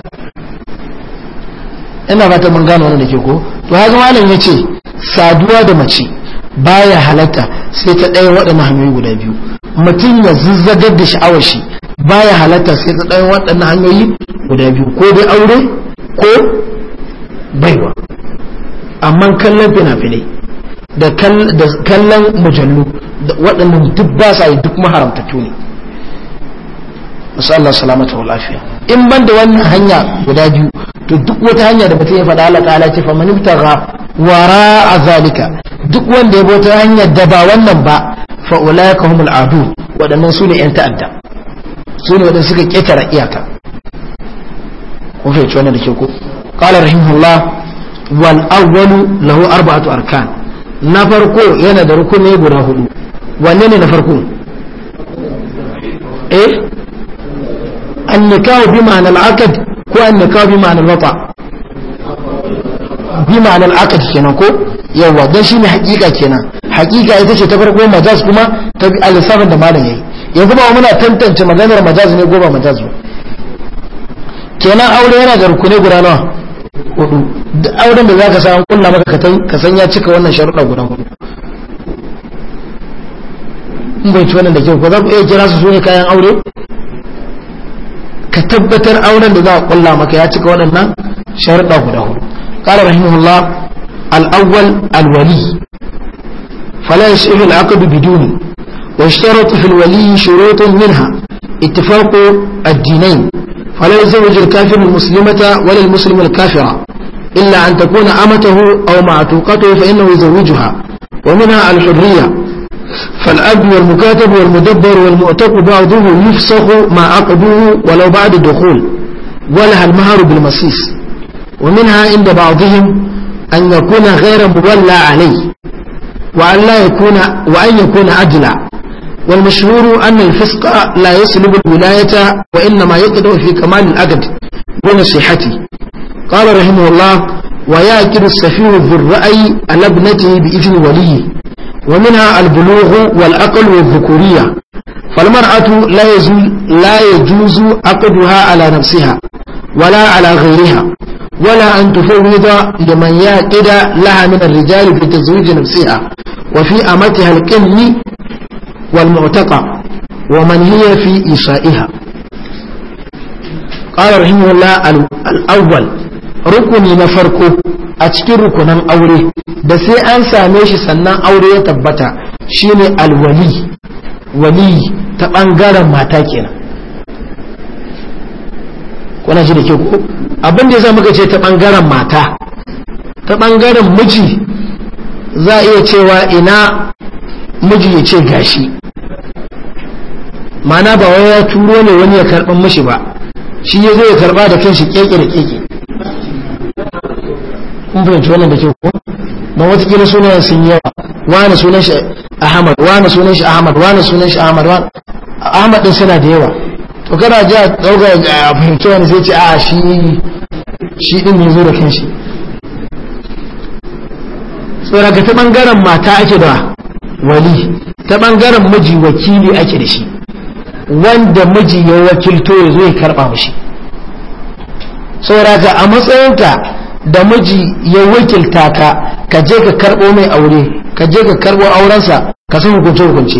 ina fata mun gano wannan da ke ko to haka malam yace saduwa da mace baya halatta sai ta ɗaya waɗannan hanyoyi guda biyu mutum ya zazzagar da sha'awar shi baya halatta sai ta ɗayan waɗannan hanyoyi guda biyu ko dai aure ko baiwa amma kallon fina-finai da kallon mujallu waɗannan duk ba sa yi duk maharamtattu ne musallar salamata wa lafiya in ban da wannan hanya guda biyu to duk wata hanya da mutum ya faɗa Allah ta'ala ce ta ra wara a zalika duk wanda ya bauta hanyar da ba wannan ba fa ulaika humul adu wadannan ne yan ta'adda su ne wadanda suka ketara iyaka kun fahimci wannan da ke ko qala rahimullah wal awwalu lahu arba'atu arkan na farko yana da rukuni guda hudu wanne ne na farko eh annikahu bi ma'ana al-aqd ko annikahu bi ma'ana al-wata bi ma'ana al-aqd kenan ko yawa don shi ne hakika kenan hakika ita ce ta farko majaz kuma ta bi alisafin da malam yayi yanzu ba muna tantance maganar majaz ne ko ba majaz ba kenan aure yana da rukunai guda nawa hudu duk auren da zaka samu kullum maka ka san ya cika wannan sharuɗa guda hudu in bai ci wannan da kyau ko za ku iya kira su sune kayan aure ka tabbatar auren da za a kulla maka ya cika waɗannan sharuɗa guda hudu قال rahimahullah الأول الولي فلا يصح العقد بدونه واشترط في الولي شروط منها اتفاق الدينين فلا يزوج الكافر المسلمة ولا المسلم الكافرة إلا أن تكون أمته أو معتوقته فإنه يزوجها ومنها الحرية فالأب والمكاتب والمدبر والمؤتق بعضه يفسخ ما عقده ولو بعد الدخول ولها المهر بالمصيص ومنها عند بعضهم an yakuna ghayra mudalla alayhi wa an la yakuna wa an yakuna ajla والمشهور أن الفسق لا يسلب الولاية وإنما يقضى في كمال الأجد ونصيحته قال رحمه الله ويأكل السفيه ذو الرأي على ابنته بإذن وليه ومنها البلوغ والأقل والذكورية فالمرأة لا يجوز, لا يجوز عقدها على نفسها ولا على غيرها ولا أن تفوض لمن يعقد لها من الرجال بتزويج نفسها وفي أمتها الكن والمعتقى ومن هي في إشائها قال رحمه الله الأول ركن نفركه أتكر ركن الأولي بس أنسى ميش سنة أولي تبتا شين الولي ولي تبانغارا ما تاكينا kuna shi da ke abin da ya sa muka ce ta ɓangaren mata ta ɓangaren miji za a iya cewa ina miji ya ce gashi mana ba wai ya turo ne wani ya karɓar mashi ba shi ya zo ya karɓa da kanshi ƙeƙe da ƙeƙe. kun fahimci wannan da kyau ko ma watakila sunayen sun yawa wani sunan shi ahmad wani sunan shi ahmad wani sunan shi ahmad wani ahmad din suna da yawa ko kana ji a ɗauka a fahimci wani sai ce a shi shi din ne zo da kan shi tsoraka ta ɓangaren mata ake da wali ta ɓangaren miji wakili ake da shi wanda miji ya wakilto ya zo ya mishi mashi tsoraka a matsayinka da miji ya wakilta ka ka je ka karɓo mai aure ka je ka karɓo aurensa ka san hukunce hukunce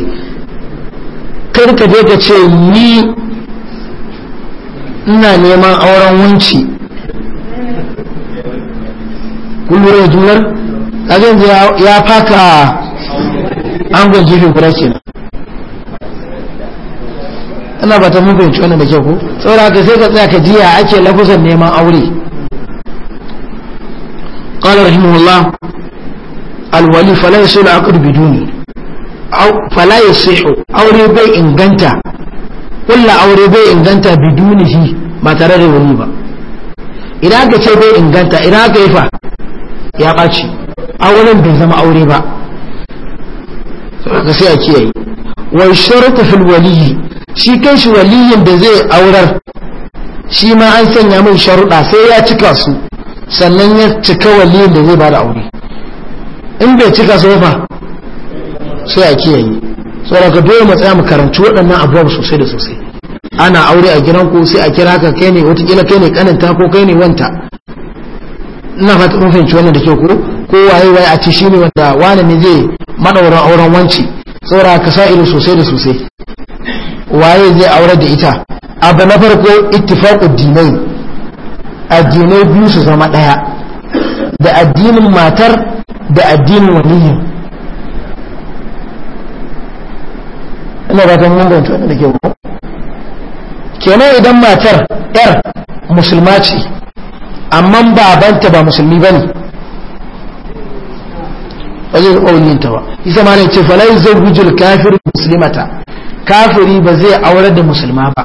kar ka je ka ce ni ina neman auren wunci kullum da junar ajin da ya faka an gwaje shi kura ke ina ba ta mugun cewa da ke ku tsoron ka sai ka tsaya ka jiya ake lafisar neman aure ƙwarar himola alwali falaye suna akudu biduni falaye suhu aure bai inganta kulla aure bai inganta shi ba tare da wani ba idan aka ce bai inganta idan aka yi fa ya ɓaci auren bai zama aure ba sai a kiyaye wai sharuta fil waliyi shi kan shi waliyin da zai aurar shi ma an sanya mai sharuɗa sai ya cika su sannan ya cika waliyin da zai ba da aure in bai cika su ba sai a kiyaye saboda dole mu tsaya mu karanci waɗannan abubuwan sosai da sosai ana aure a gidan ku sai a kira ka kai ne watakila kai ne kaninta ko kai ne wanta ina fata mun fahimci wannan da ke ku. ko waye waye a ce shi ne wanda wani ne zai maɗaurin auren wanci saboda ka sa ido sosai da sosai waye zai aure da ita abu na farko ittifaqud dinai addinai biyu su zama ɗaya. da addinin matar da addinin waliyin ina ba ta da ke ko kenan idan matar yar musulma ce amma babanta ba musulmi bane ba zai ƙaunin ta ba isa ma ne ce falai zai gujul kafir musulmata kafiri ba zai aurar da musulma ba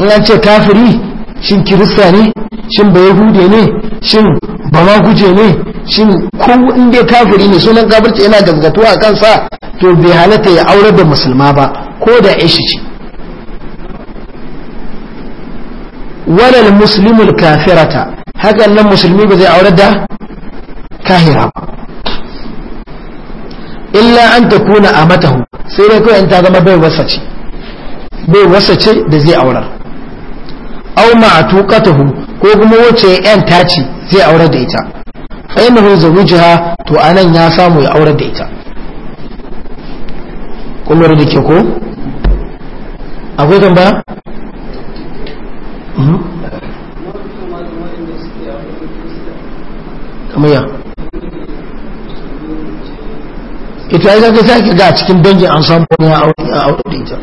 in an ce kafiri shin kirista ne shin bayahude ne shin ba ma guje ne shin ko in dai kafiri ne sunan kafirci yana gaskatuwa a kansa to bai halatta ya aure da musulma ba ko da ishi ce walal muslimul kafirata hakan nan musulmi ba zai aure da kahira ba illa an ta kuna a matahu sai dai kawai ta zama bai wasa ce bai wasa ce da zai aurar au ma'atuqatuhu ko kuma wace yan tarci zai aure da ita ainihin zawujiha to anan ya samu ya aure da ita kuma da ke ko akwai tambaya mhm. kamar ya ita ya zaka sake ga cikin dangin an samu wani a aure da ita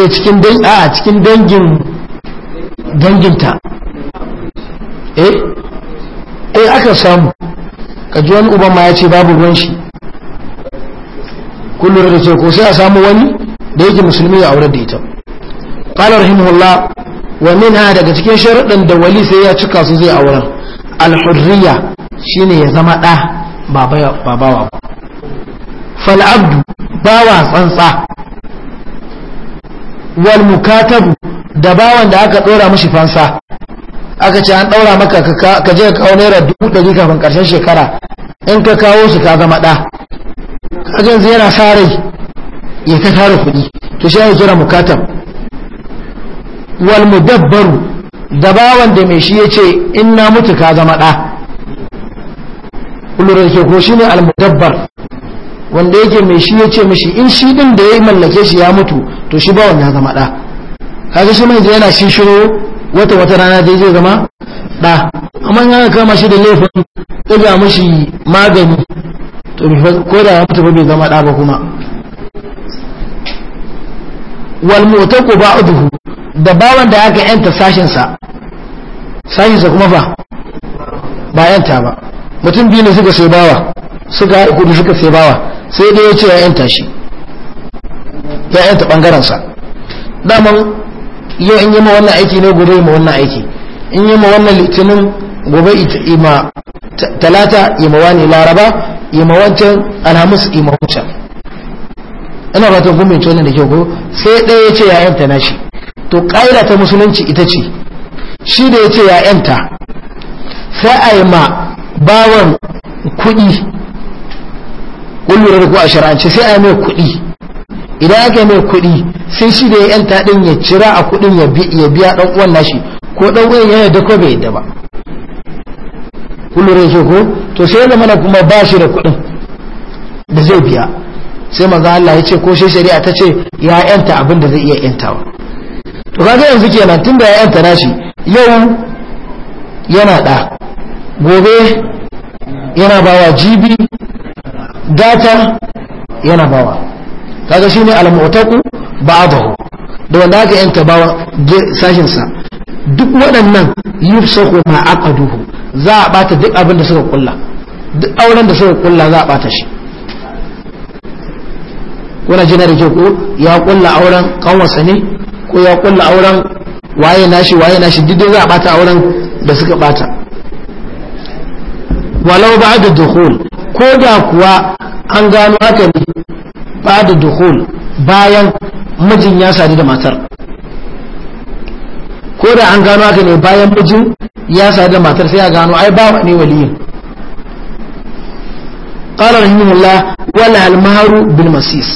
eh cikin dangin a cikin dangin danginta eh eh aka samu kaji wani uban ma ya ce babu ruwan shi kullum da ce ko sai a samu wani da yake musulmi ya aure da ita qala rahimahullah wa minha daga cikin sharuɗin da wali sai ya cika su zai aure al-hurriya shine ya zama ɗa ba bawa fal abdu bawa tsantsa wal mukatabu da bawan da aka ɗora mashi fansa aka ce an ɗaura maka ka je ka kawo naira dubu ɗari kafin ƙarshen shekara in ka kawo su ka zama ɗa kajin zai yana sa rai ya ta tara kuɗi to shi ya kira mukatab wal mudabbaru da bawan da mai shi ya ce in na mutu ka zama ɗa kullum ke ko shi ne al mudabbar wanda yake mai shi ya ce mashi in shi ɗin da ya mallake shi ya mutu to shi bawan ya zama ɗa kaga shi mai yana shi shiro wata wata rana dai zai zama da amma in aka kama shi da laifin ɗaga mashi magani to ko da ya mutu ba bai zama da ba kuma wal mutaku ba'duhu da bawan da aka yanta sashin sa sashin sa kuma ba ba yanta ba mutum biyu ne suka sai bawa suka haɗa kudu suka sai bawa sai dai ya ce ya yanta shi ya yanta bangaren sa daman yau in ma wannan aiki ne gobe ma wannan aiki in ma wannan litinin gobe ima talata ima wani laraba ima wancan alhamis ima wancan ina ba ta gumin tona da kyau ko sai ɗaya ya ce ya'yanta na shi to ƙa'ida ta musulunci ita ce shi da ya ce ya'yanta sai a yi ma bawan kuɗi ƙullura da a shara'ance sai a yi mai kuɗi idan aka mai kuɗi sai shi da ya yanta ɗin ya cira a kuɗin ya biya ɗan uwan nashi ko ɗan uwan ya da ko bai yadda ba kullum ke ko to sai da mana kuma ba shi da kuɗin da zai biya sai maza Allah ya ce ko sai shari'a ta ce ya yanta abin da zai iya yantawa to kaga yanzu kenan tun da ya yanta nashi yau yana ɗa gobe yana bawa jibi data yana bawa kaga shine al-mu'taqu ba'dahu da wanda aka yanka bawa sashin sa duk waɗannan yufsahu ma aqaduhu za a bata duk abin da suka kulla duk auren da suka kulla za a bata shi kuna jina da ko ya kulla auren kanwasa ne ko ya kulla auren waye nashi waye nashi duk za a bata auren da suka bata walau ba da dukhul ko da kuwa an gano haka ne bada da bayan mijin ya sadu da matar ko da an gano haka ne bayan mijin ya sadu da matar sai ya gano ai ba ne waliyin rahimullah wala al maharu bil masis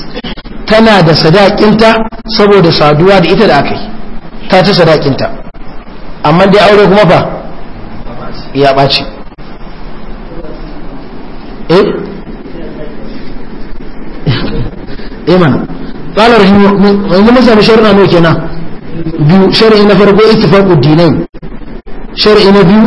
tana da sadakinta saboda saduwa da ita da akai yi ta ci sadakinta amma dai aure kuma ba ya ɓaci eh eh mana qala rahimu kenan biyu shar'i na farko ittifaqud dinain shar'i na biyu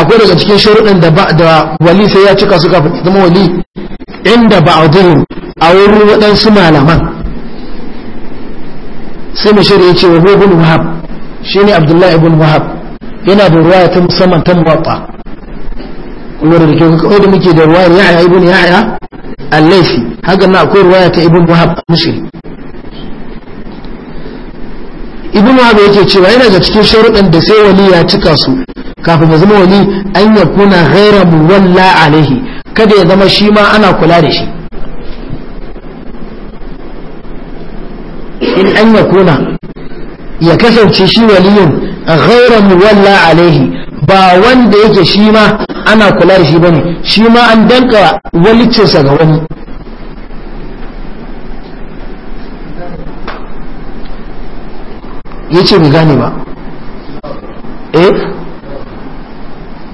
akwai daga cikin sharuɗin da da wali sai ya cika su zama wali inda ba'dhum a wurin waɗansu malaman sai mai shari'a ce wa ibn wahab shine abdullahi ibn wahab yana da ruwaya ta musamman ta muwatta kuma da kyau kawai da muke da ruwayar yahya ibn yahya al-laifi haka na akwai ruwaya ta ibn wahab mushri ibn wahab yake cewa yana da cikin sharuɗan da sai wali ya cika su kafin ya zama wali an ya kuna ghaira muwalla alaihi kada ya zama shi ma ana kula da shi in an ya kuna ya kasance shi waliyin ghaira muwalla alaihi ba wanda yake shi ma ana kula da shi bane shi ma an danka walicinsa ga wani ya ce bai gane ba eh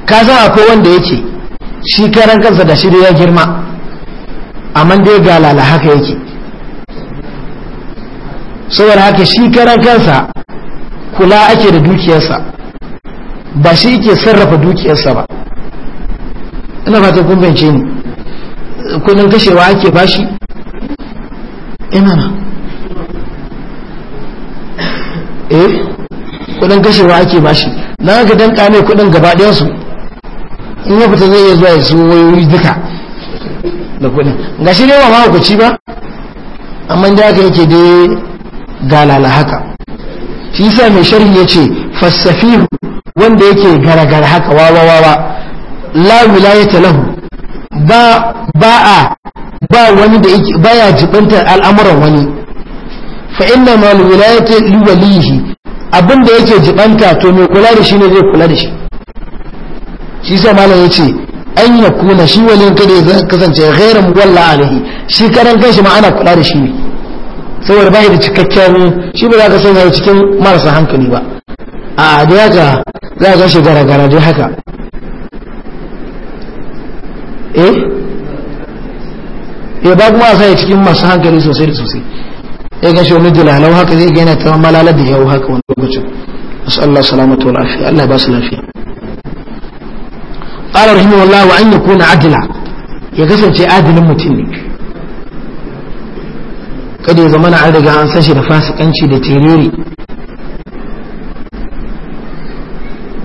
ka san akwai wanda yake shi karan kansa da shi da ya girma amma dai ga lala haka yake saboda haka shi karan kansa kula ake da dukiyarsa ba shi ke sarrafa dukiyarsa ba ina ba ta kumbance ni kudin kashewa ake bashi ina na eh kudin kashewa ake bashi na ga dan kane kudin gaba ɗayansu in ya fita zai iya zuwa ya su wayoyi duka da kudin ga shi ne ba mahaukaci ba amma da haka yake dai galala haka shi sa mai sharhi ya ce fassafihu wanda yake garagar haka wawa wawa la wilayata lahu ba ba a ba wani da yake baya jibanta al'amuran wani fa inna ma wilayata li walihi abinda yake jibanta to mai kula da shi ne zai kula da shi shi sai malam yace an ya kuna shi wani kada ya kasance ghairu muwalla alaihi shi karan kanshi ma ana kula da shi ne saboda bai da cikakken shi ba za ka sanya cikin marasa hankali ba a da yaka za ka shi gara gara dai haka eh, eh ya ba kuma sai cikin masu hankali sosai da sosai ya ga shi wani dalalau haka zai gane ta malalar da yau haka wani lokacin wasu Allah salamatu wa lafiya Allah ba su lafiya rahimu rahimahullah wa an kuna adila ya kasance adilin mutum ne kada ya zama na an riga an san shi da fasikanci da teriri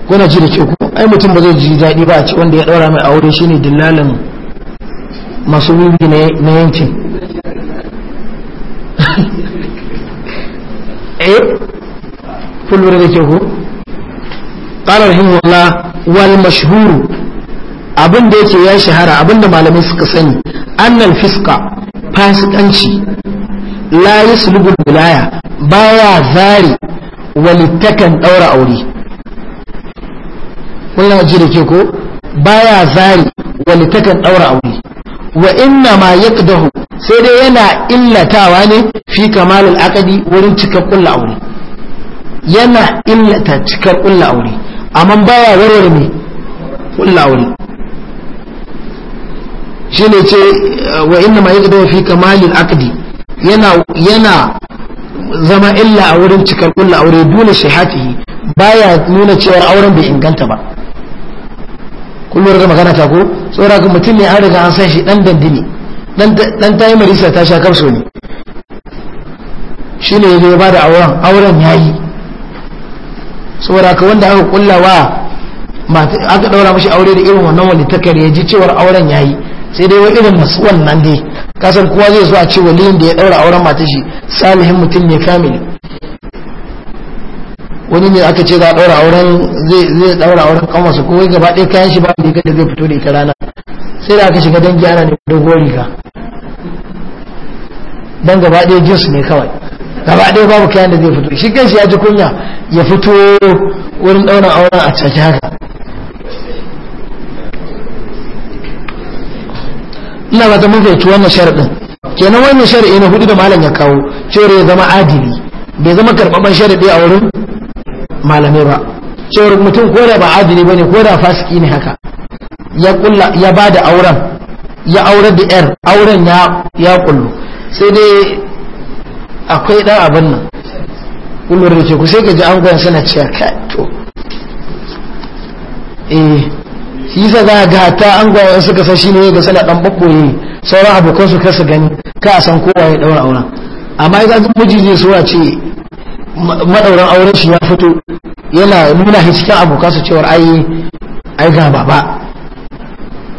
kuna ji da ce ku ai mutum ba zai ji daɗi ba a ci wanda ya ɗaura mai aure shine dillalin masu wiwi na yankin eh kullum da ke ku ƙarar himmallah wal mashhuru abin da yake ya shahara abin da malamai suka sani annal fiska fasikanci la yaslubu wilaya baya zari walittakan daura aure kullum ji da ke ko baya zari wani takan daura aure wa inna ma yaqdahu sai dai yana illatawa ne fi kamalul aqdi wurin cikar kullu aure yana illata cikar kullu aure amma baya warware ne kullu aure shine ce wa inna ma yaqdahu fi kamalul aqdi yana yana zama illa a wurin cikar kullu aure dole shihatihi baya nuna cewa auren bai inganta ba kuma da magana ta ko tsora ga mutum ne an riga an san shi dan dandini dan tayi marisa ta shakar so ne shine yazo ya bada auren auren yayi saboda ka wanda aka kullawa mata aka daura mishi aure da irin wannan wani takar ya ji cewar auren yayi sai dai wai irin masu wannan dai kasan kowa zai so a ce waliyin da ya daura auren mata shi salihin mutum ne family wani ne aka ce za a ɗaura auren zai ɗaura auren kamarsa ko wai gaba ɗaya kayan shi ba da kada zai fito da ita rana sai da aka shiga dangi ana ne dogon riga don gaba ɗaya jins ne kawai gaba ɗaya babu kayan da zai fito shi kanshi ya ji kunya ya fito wurin ɗaura auren a caki haka ina ba ta mafi wannan sharaɗin kenan wannan sharaɗi na hudu da malam ya kawo cewar ya zama adili bai zama karɓaɓɓen sharaɗi a wurin malamai ba cewar mutum ko da ba adili bane ko da fasiki ne haka ya kulla ya bada auren ya aurar da yar auren ya ya kullu sai dai akwai dan abin nan kullu da ce ku sai ka ji an gwan suna cewa ka to eh shi sa za ga ta an gwan suka san shine ga sana dan babboye sauran abokan su kasa gani ka san kowa ya daura auren amma idan miji ne so ce madauran auren shi ya fito yana nuna shi cikin abokan su cewar ai ai ga baba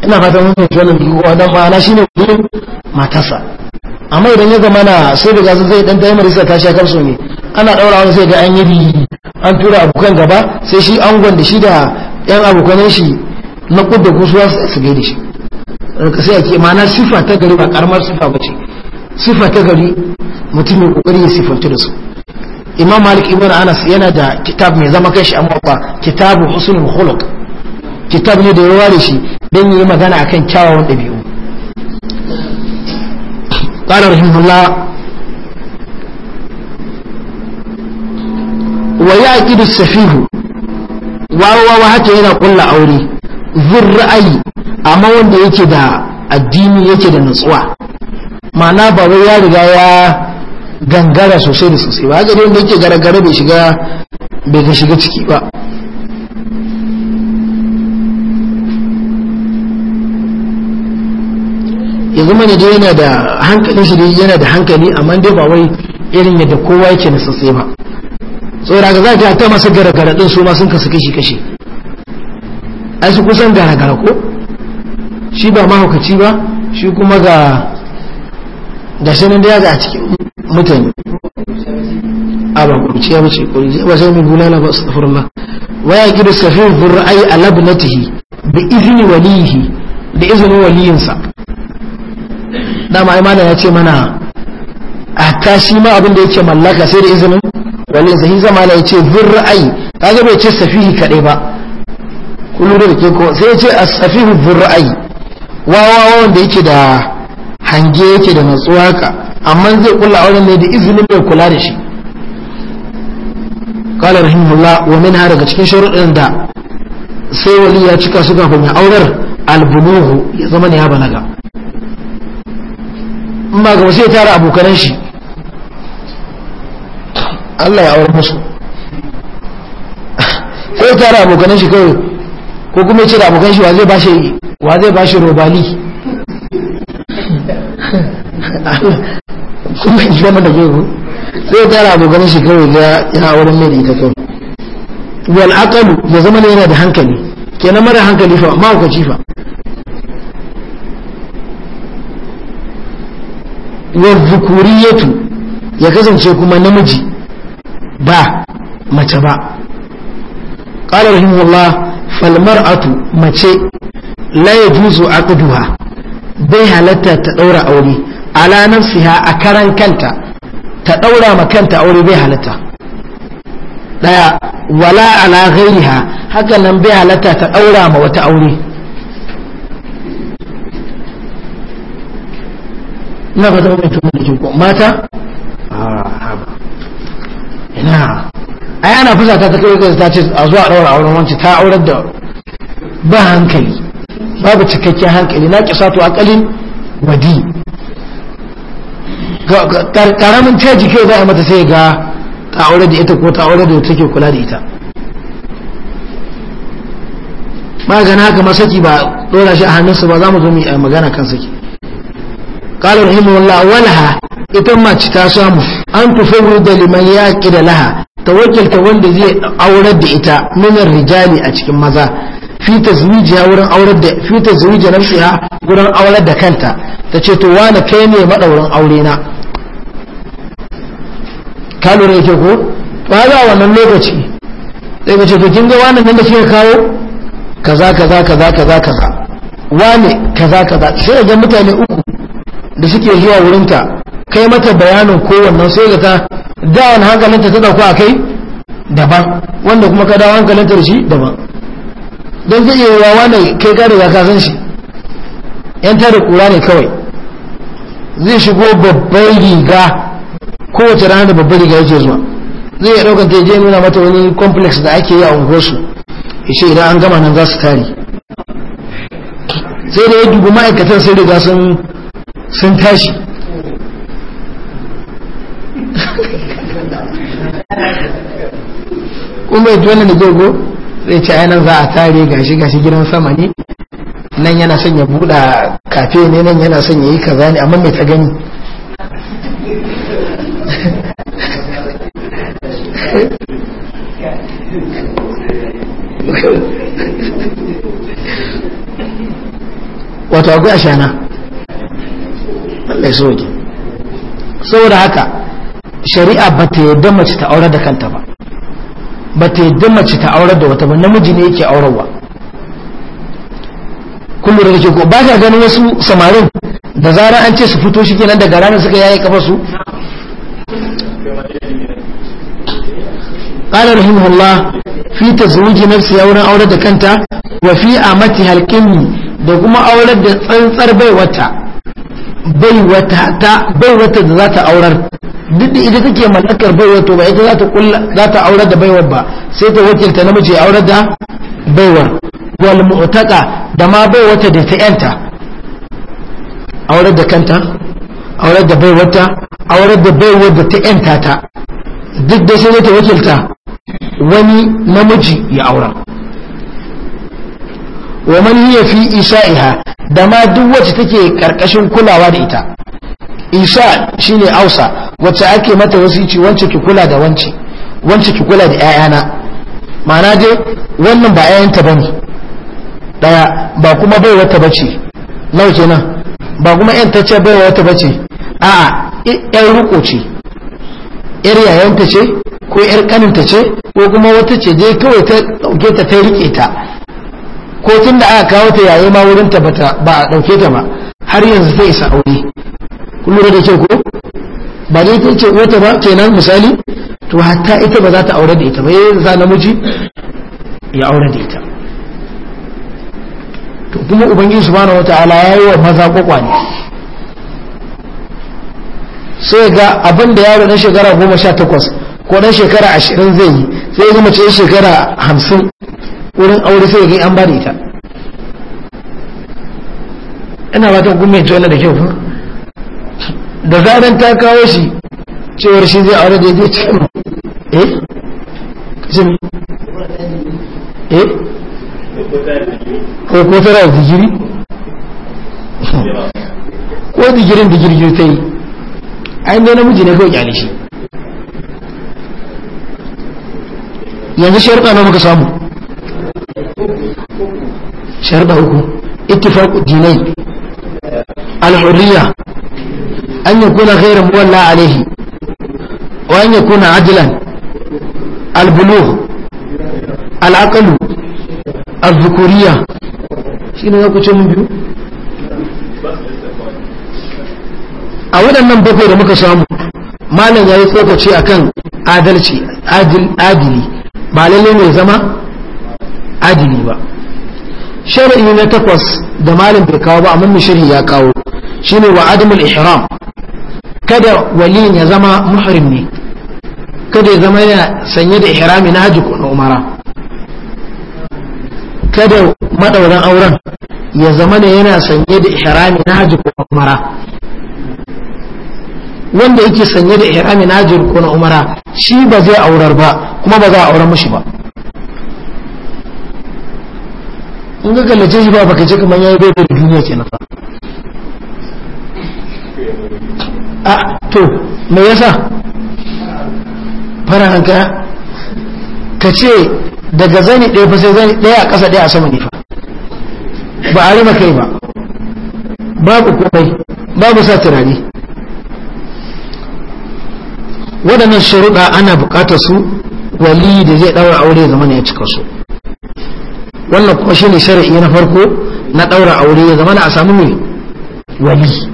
ina fatan mun fahimci wannan biyu ba ma'ana shine gurin matarsa amma idan ya zama na sai da gasu zai dan daimar isa tashi kan su ne ana daura wani sai ga an yi an tura abokan gaba sai shi an da shi da yan abokanan shi na kudda kusuwa su gaida shi ka sai ake ma'ana sifa ta gari ba karamar sifa ba ce sifa ta gari mutum mai kokari ya sifanta da su imam malik ibn anas yana da kitab mai zama shi a mawafa kitabu husnul khuluq kitab ne da ya ware shi don yi magana a kan kyawawan ɗabi'u ƙarar wa yi a ƙidus safihu wawawa haka yana ƙulla aure zin ra'ayi amma wanda yake da addini yake da nutsuwa ma'ana ba wai ya riga ya gangara sosai da sosai ba haka ne wanda yake garagara bai shiga bai shiga ciki ba ya zama ne dai yana da hankali shi dai yana da hankali amma dai ba wai irin yadda kowa yake na sosai ba tsora ga ta ta masu garagara din su ma sun kasu kashi kashi ai su kusan garagara ko shi ba mahaukaci ba shi kuma ga gashi nan da ya a cikin mutane a ba kurciya ba ce kurciya ba sai mai bulala ba su wa ya gidu safin na alabnatihi da izini walihi da izinin waliyinsa dama ai mana ya ce mana a kashi ma abin da yake mallaka sai da izinin waliyinsa shi zama na ya ce ta kaga bai ce safihi kaɗai ba Kullum da ke ko sai ya ce a as-safihu zurra'i wawa wanda yake da hange yake da matsuwaka. ka amma zai kula auren ne da izinin mai kula da shi kala rahimullah wa min daga cikin shuruɗin da sai wali ya cika su kafin ya aurar albuluhu ya zama ne ya balaga in ba gaba sai ya tara abokanan shi Allah ya aure musu sai ya tara abokanan shi kawai ko kuma ya ce da abokan shi wa zai bashi wa zai bashi robali sun ba gida mata gego sai tara abokan shi kawai ga yana wurin mai da ita kyau wal aqalu ya zama yana da hankali kenan mara hankali fa ma ku ci fa wadhukuriyatu ya kasance kuma namiji ba mace ba qala rahimullah fal mar'atu mace la yajuzu aqduha bai halatta ta daura aure ala nafsiha a karan kanta ta daura ma kanta aure bai halatta daya wala ala ghairiha haka nan bai halatta ta daura ma wata aure na ba ta yi tumu da mata ah, ina ai ana fusata ta kai ta ce a zuwa daura auren wanci ta aurar da ba hankali babu cikakken hankali na to akalin wadi Taramin caji kewa za mata sai ya ga ta aure da ita ko ta aure da wata kula da ita. Magana haka masaki saki ba dora shi a hannunsu ba za mu zo mu yi a magana kan saki. Kalu rahimallah walaha ita March ta samu an tuffe hujjar limayaki da Laha, ta wakiltar wanda zai aure da ita minan rijali a cikin maza. fi tazwijiya wurin aurar da fi tazwijiya nafsiha wurin aurar da kanta ta ce to wani kai ne madaurin aure na ka lura yake ko ba za wannan lokaci sai ce to kin ga wani nan da kika kawo kaza kaza kaza kaza kaza wani kaza kaza sai ga mutane uku da suke zuwa wurinta kai mata bayanin kowannan sai ga ta wani hankalinta ta dauko a kai daban wanda kuma ka dawo hankalinta da shi daban don zai yi wa wani kai ka ga kasan shi yan tare kura ne kawai zai shigo babbar riga kowace rana da babbar riga yake zuwa zai yi ɗaukar ta je nuna mata wani complex da ake yi a unguwarsu ya ce idan an gama nan za su tare sai da ya dubi ma'aikatan sai riga sun tashi kuma ya tuwa na jego zai ce nan za a tare gashi gashi gidan sama ne nan yana son ya buɗa kafe ne nan yana son ya yi ka zane amma mai ta gani wato akwai ashana Allah ya saboda haka shari'a ba ta yadda mace ta aure da kanta ba ba ta dama mace ta aurar da wata ba namiji ne yake aurarwa kullum da ke ko ba ka ganin wasu samarin da zara an ce su fito shi kenan daga ranar suka yaye kafa su قال رحمه الله في تزويج da kanta أولد كنتا وفي da الكمي دوكما أولد تنصر بيوتا بيوتا بيوتا ذات aurar. duk da ita take mallakar baiwar to ba ita za ta kulla za ta aure da baiwar ba sai ta wakilta namiji ya aure da baiwar wal mu'taqa da ma baiwarta da ta yanta aure da kanta aure da baiwarta aure da baiwar da ta yanta ta duk da sai ta wakilta wani namiji ya aura wa man hiya fi isha'iha da ma duk wacce take karkashin kulawa da ita isa shine ausa wacce ake mata wasici wance ki kula da wance wance ki kula da ƴaƴana ma'ana dai wannan ba ƴaƴanta bane daya ba kuma bai wata bace nawa kenan ba kuma ƴan ta ce bai wata bace a'a ƴan ruko ce ƴar yayanta ce ko ƴar kaninta ce ko kuma wata ce dai kawai ta dauke ta ta rike ta ko tun da aka kawo ta yayi ma wurin ta ba a dauke ta ba har yanzu zai isa aure lura da ce ko ba dai ta ce wata ba kenan misali to hatta ita ba za ta aure da ita ba yayin eh, za namiji ya aure da ita to kuma ubangiji subhanahu wataala yayi wa maza ne. sai ga abin da yaro na shekara goma sha takwas ko na shekara ashirin zai yi sai ga mace shekara hamsin wurin aure sai ga an ba da ita ina ba ta gume ce wannan da kyau da zaran ta kawo shi cewar shi zai aure da zai cikin eh jin eh ko ko tara digiri ko digirin digirgi ta yi ai ne namiji ne kawai kyale shi yanzu sharuɗa na muka samu sharuɗa uku ittifaqu dinai al-hurriya an yakuna ghayra muwalla alayhi wa an yakuna adlan albulugh al'aqlu az-zukuriyya a waɗannan bakwai da muka samu malam ya yi sokaci a kan adalci adili ba lalle mai zama adili ba shari'i na takwas da malam bai kawo ba amma mu shari'i ya kawo shine wa adamul ihram kada waliyin ya zama muhrim ne kada ya zama yana sanye da ihrami na hajji na umara kada madauran auren ya zama ne yana sanye da ihrami na hajji na umara wanda yake sanye da ihrami na hajji na umara shi ba zai aurar ba kuma ba za a aurar mashi ba in ga gallace shi ba baka je kamar yayi bai da duniya kenan fa a to me yasa fara hanka ka ce daga zani ɗaya fa sai zani ɗaya a ƙasa ɗaya a sama ne fa ba a rima kai ba babu komai babu sa tunani waɗannan sharuɗa ana buƙatar su wali da zai ɗaura aure zama ya cika su wannan kuma shi ne shari'i na farko na ɗaura aure ya zama na a samu ne wali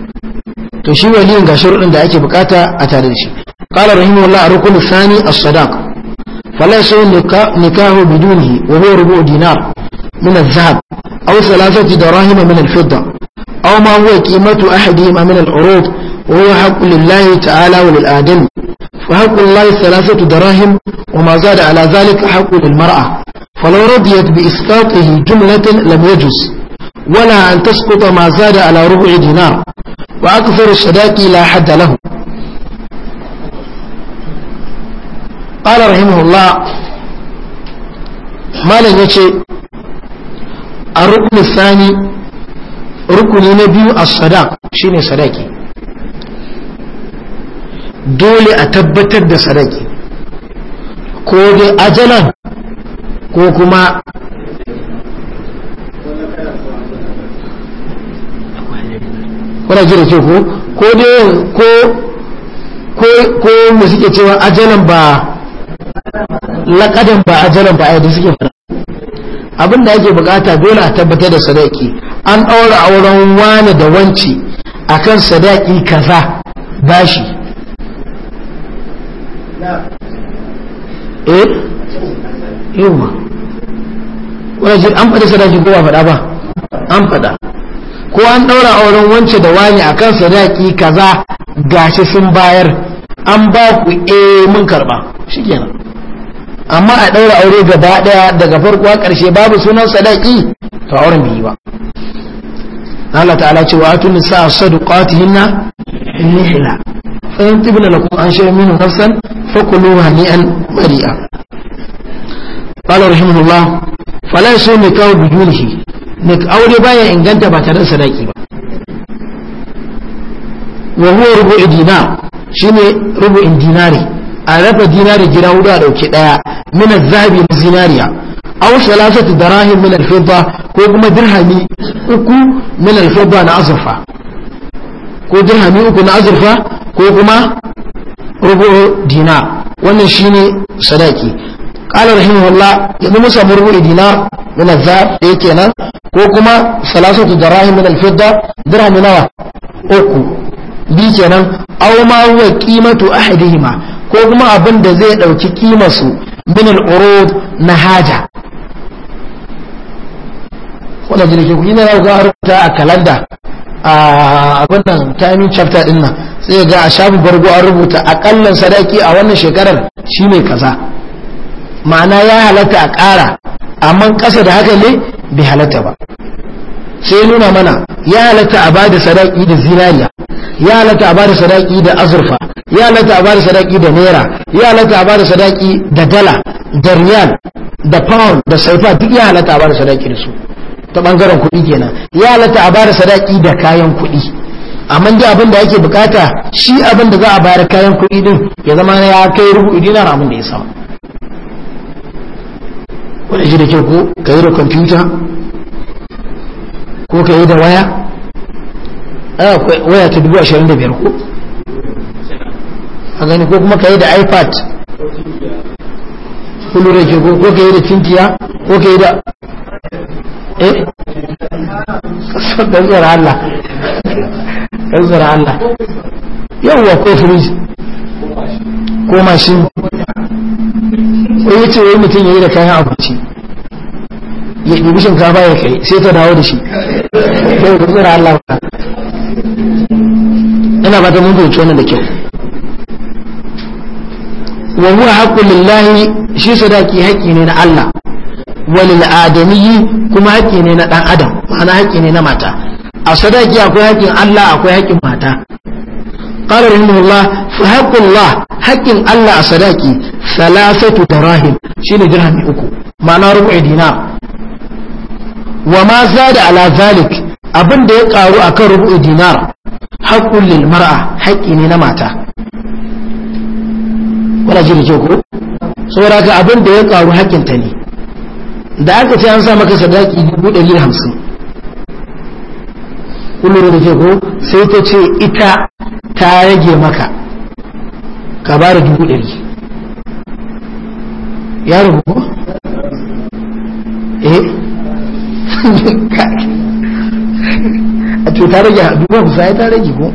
to shi waliyin ga shuruɗin da ake bukata a tare da shi qala rahimullahi rukun thani as-sadaq fala yasawun nikahu bidunihi wa huwa rubu dinar min adh-dhahab aw thalathati dirahim min al-fidda aw ma huwa qimatu ahadihima min al-urud wa huwa haqqu lillahi ta'ala wa lil adam fa haqqu lillahi thalathatu dirahim wa ma zada ala dhalika haqqu lil mar'a فلو رضيت بإسقاطه جملة لم يجوز ولا أن تسقط ما زاد على ربع دينار wa akthar sadaqi la hadda lahu qala rahimahullah malam yace ar-rukn thani rukuni na biyu a sadak shine sadaki. dole a tabbatar da sadaki. ko dai ajalan ko kuma kuna ji da ko ko dai ko ko ko mu suke cewa ajalan ba laqadan ba ajalan ba da suke fara abin da ake bukata dole a tabbatar da sadaki an daura auren wani da wanci akan sadaki kaza bashi eh yawa wani an faɗi sadaki ko ba faɗa ba an faɗa ko an ɗaura auren wance da wani a kan sadaki kaza gashi sun bayar an ba ku e mun karba shikenan amma a ɗaura aure gaba ɗaya daga farko a ƙarshe babu sunan sadaki to auren bai yi ba Allah ta'ala ce wa atun nisa sadaqatihinna nihla fa yantibna lakum an shay'in min nafsan fakuluha ni'an mari'a qala rahimahullah fala yasunu kaw bidunihi aure baya inganta ba tare da sadaki ba wa huwa rubu dinar shine rubu'in dinari a rafa dinari gida hudu a dauke daya min az-zahabi na zinariya aw da darahim min al-fidda ko kuma dirhami uku min al-fidda na azurfa ko dirhami uku na azurfa ko kuma rubu dinar wannan shine sadaki qala rahimahullah yanzu musa samu rubu'u dinar min azab da ko kuma salasatu dirahim min al-fidda dirham nawa uku bi kenan aw ma huwa qimatu ahadihima ko kuma abin da zai ɗauki kimar su min al-urud na haja wannan jirgin kuɗi na ga rubuta a kalanda a wannan timing chapter din sai ga a shafin bargo an rubuta akallan sadaki a wannan shekarar shine kaza ma'ana ya halatta a ƙara amma ƙasa da haka ne bai halatta ba sai nuna mana ya halatta a bada sadaki da zinariya ya halatta a bada sadaki da azurfa ya halatta a bada sadaki da naira ya halatta a bada sadaki da dala da riyal da pound da saifa duk ya halatta a bada sadaki da su ta bangaren kuɗi kenan ya halatta a bada sadaki da kayan kuɗi amma dai abin da yake bukata shi abin da za a bayar kayan kuɗi din ya zama ya kai rubu dinar abin da ya sama wani shi da kyau ko ka yi da kwamfuta ko ka yi da waya waya ta dubu ashirin da biyar ko a gani ko kuma ka yi da ipad kulu da kyau ko ka yi da cintiya ko ka yi da eh ƙasar Allah ƙasar Allah yau ko firiji ko mashin ko ya ce wai mutum ya yi da kayan abinci ya ɗibi shinkafa ya kai sai ta dawo da shi yau da tsira Allah ba ina ba ta mun fahimci wannan da kyau wa huwa haqqul lillahi shi sadaki haƙƙi ne na Allah walil adamiyyi kuma haƙƙi ne na dan adam ma'ana haƙƙi ne na mata a sadaki akwai haƙƙin Allah akwai haƙƙin mata قال رحمه الله فحق الله حق الله sadaki, salasatu دراهم rahim, درهم أكو معنى ربع دينار وما زاد على ذلك abin da ya karu a kan rubu dinar haƙƙun lilmar'a haƙƙi ne na mata wadda ji da ke ku ka abin da ne da aka ce an sa maka sadaki dubu ɗari hamsin kullum da ke ko sai ta ce ita ta rage maka ka ba da dubu ɗari ya rubu ko? eh? a ce ta rage dubu kusa ya ta rage ko?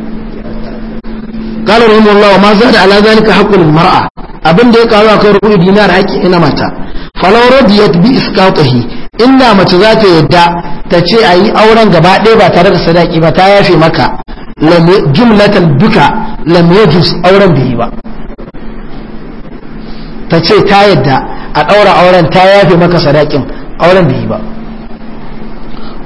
قال رحمه الله وما زاد على ذلك حق المرأة abin da ya kawo akan rubu dinar haƙƙi ina mata falau radiyat bi inda mace za ta yadda ta ce a yi auren gaba ɗaya ba tare da sadaki ba ta yafe maka jumlatan duka lamejus auren bai yi ba ta ce ta yadda a ɗaura auren ta yafe maka sadakin auren bai yi ba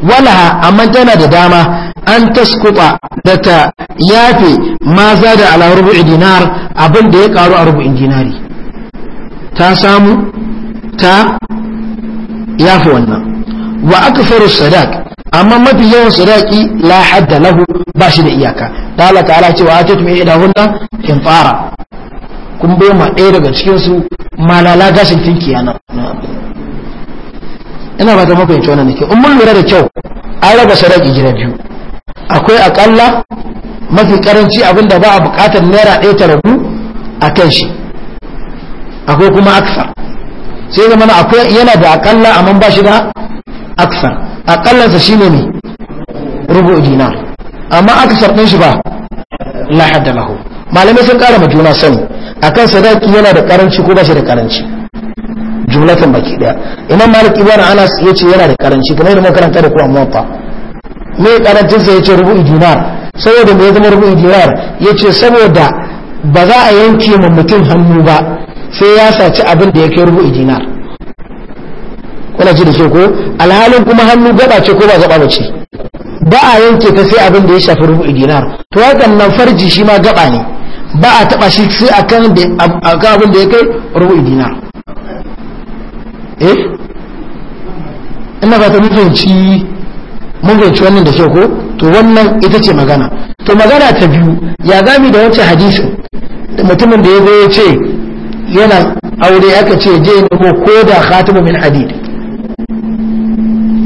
walaha amma tana da dama an taskuba da ta yafe maza da ala rubu'in dinar abin ya karu a rubu'in dinari ta samu ta ya fi wannan wa aka faru sadak amma mafi yawan sadaki la hadda lahu ba shi da iyaka da Allah ta'ala wa atatu mai hunna in fara kun bai ma ɗaya daga cikin su malala gashin tinki yana ina ba ta mafi yanci wannan nake ummul lura da kyau an raba sadaki gida biyu akwai aƙalla mafi karanci abinda ba a bukatar naira ɗaya ta rabu a kan shi akwai kuma aksa sai zama na akwai yana da akalla amma ba shi da aksar akallansa shi ne ne rubu dina amma aksar ɗin shi ba la hadda lahu malamai sun ƙara juna sani akan sadaki yana da karanci ko ba shi da karanci jumlatan baki daya imam malik ibn anas yace yana da karanci kamar yadda karanta da kuwa muwatta me karancin sa yace rubu dinar saboda me zama rubu dinar yace saboda ba za a yanke mu mutum hannu ba sai ya saci abin da ya kai rubu dinar kuna ji da ke ko alhalin kuma hannu gaba ce ko ba gaba ba ce ba a yanke ta sai abin da ya shafi rubu dinar to hakan nan farji shi ma gaba ne ba a taba shi sai akan abin da ya kai rubu dinar eh ina ba ta mutunci mun fahimci wannan da ke ko to wannan ita ce magana to magana ta biyu ya gami da wancan hadisin mutumin da ya zo ya ce yana aure aka ce je nemo ko da khatibu min hadid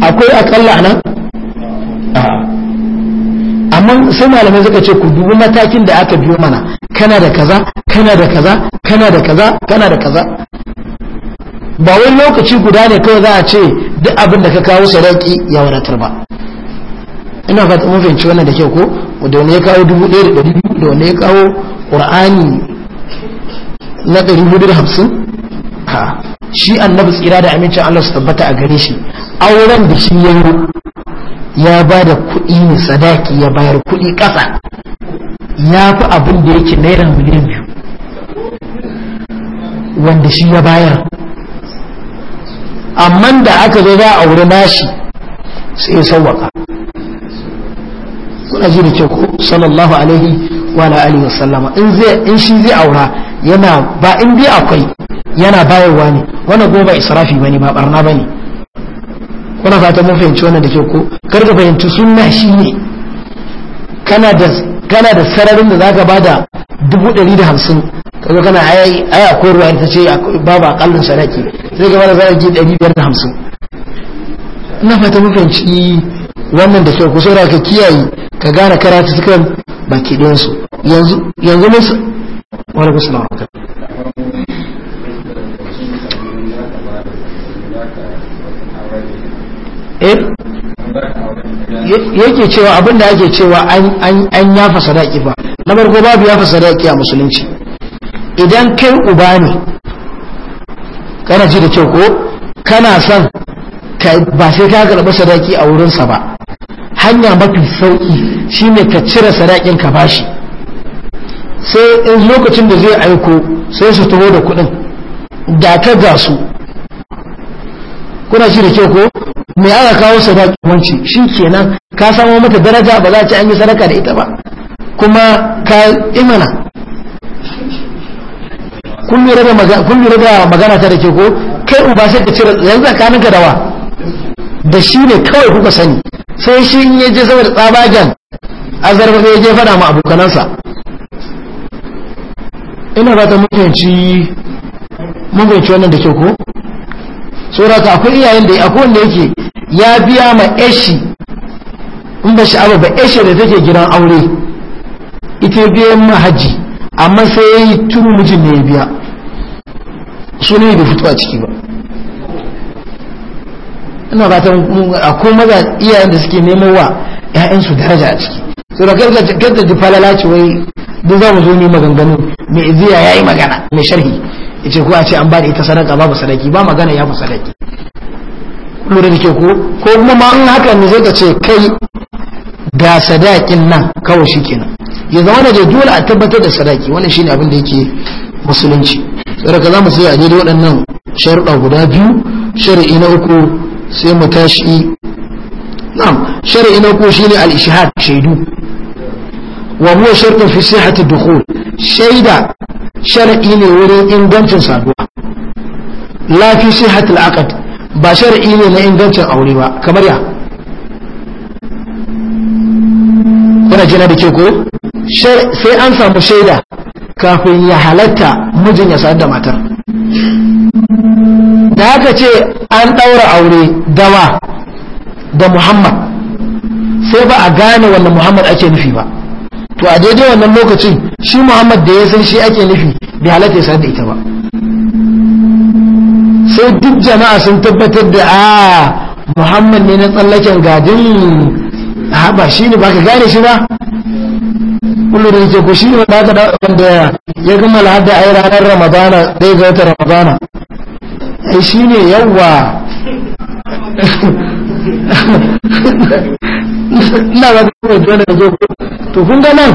akwai akalla nan amma sai malamai suka ce ku dubi matakin da aka biyo mana kana da kaza kana da kaza kana da kaza kana da kaza ba wai lokaci guda ne kawai za a ce duk abin da ka kawo sadaki ya wadatar ba ina fata mun fahimci wannan da kyau ko wanda wani ya kawo dubu ɗaya da ɗari biyu da wani ya kawo ƙur'ani na ɗari hamsin? ha shi annabi tsira da amincin Allah su tabbata a gare shi auren da shi ya ya ba da kuɗi ne sadaki ya bayar kuɗi ƙasa ya fi abin da yake naira miliyan biyu wanda shi ya bayar amma da aka zo za a wuri nashi sai ya sauwaka kuna ji da ce ko sallallahu alaihi wa alihi wa sallama in zai in shi zai aura yana ba in bi akwai yana bayarwa ne wanda kuma ba israfi bane ba barna bane kuna fata mun fahimci wannan da ke ko kar ka fahimci sunna shine kana da kana da sararin da zaka bada dubu ɗari da hamsin kaga kana ai ai akwai ruwa ita ce babu akallin sadaki sai ka bada sadaki ɗari biyar da hamsin ina fata mun fahimci wannan da kyau ku saura ka kiyaye ka gane karatu sukan baki ɗinsu yanzu musu wani kusa na wakar yake cewa abinda yake cewa an yafa sadaki ba na farko babu yafa sadaki a musulunci idan kai uba ne kana ji da kyau ko kana son ba sai ka karɓi sadaki a wurinsa ba hanya mafi sauƙi shine ka cire sadakin ka bashi sai in lokacin da zai aiko sai su taho da kuɗin da ka ga su kuna shi da ke ko mai aka kawo sadakin wanci shi kenan ka samo mata daraja ba za a ci an yi sadaka da ita ba kuma ka imana kun lura da magana ta da ke ko kai uba sai ka cire yanzu tsakaninka ka dawa da shi ne kawai kuka sani sai shi in yaje je saboda tsabagen azarba sai je fada ma abokanansa ina ba ta mutunci mugunci wannan da ke ko ta akwai iyayen da akwai wanda yake ya biya ma eshi in ba sha'aba ba eshi da take gidan aure ita biya ma haji amma sai ya yi tun mijin ne ya biya su ne da fito a ciki ba ina ba ta akwai maza iyayen da suke nemo wa ‘ya'yansu daraja a ciki so da kanta ji falala wai duk za mu zo ne maganganu mai iziya ya yi magana mai sharhi ya ce ko a ce an ba da ita sadaka babu sadaki ba magana ya fi sadaki lura da ke ko ko kuma ma in haka ne zai ka ce kai da sadakin nan kawai shi kenan ya zama da dole a tabbatar da sadaki wannan shine abin da yake musulunci ka za mu sai a je da waɗannan sharuɗa guda biyu shari'i na uku sai mu tashi na'am shar'i na ko shine al-ishhad shaidu wa huwa shartun fi sihhati dukhul shaida shar'i ne wurin ingancin saduwa la fi sihhati al-aqd ba shar'i ne na ingancin aure ba kamar ya kuna jina da ke ko sai an samu shaida kafin ya halatta mijin ya sa'ad da matar da aka ce an ɗaura aure dawa da muhammad sai ba a gane wannan muhammad ake nufi ba to a daidai wannan lokacin shi muhammad da ya san shi ake nufi bai halatta ya sa'ad da ita ba sai duk jama'a sun tabbatar da a muhammad ne na tsallaken gadin haɓa shi ne ba ka gane shi ba kullum da yake ku shi ne da aka ɗaukar da yaya ya gama lahadda a yi ranar ramadana zai ga wata ramadana ai shi ne yawa. ina ba kuma da wani zo to kun ga nan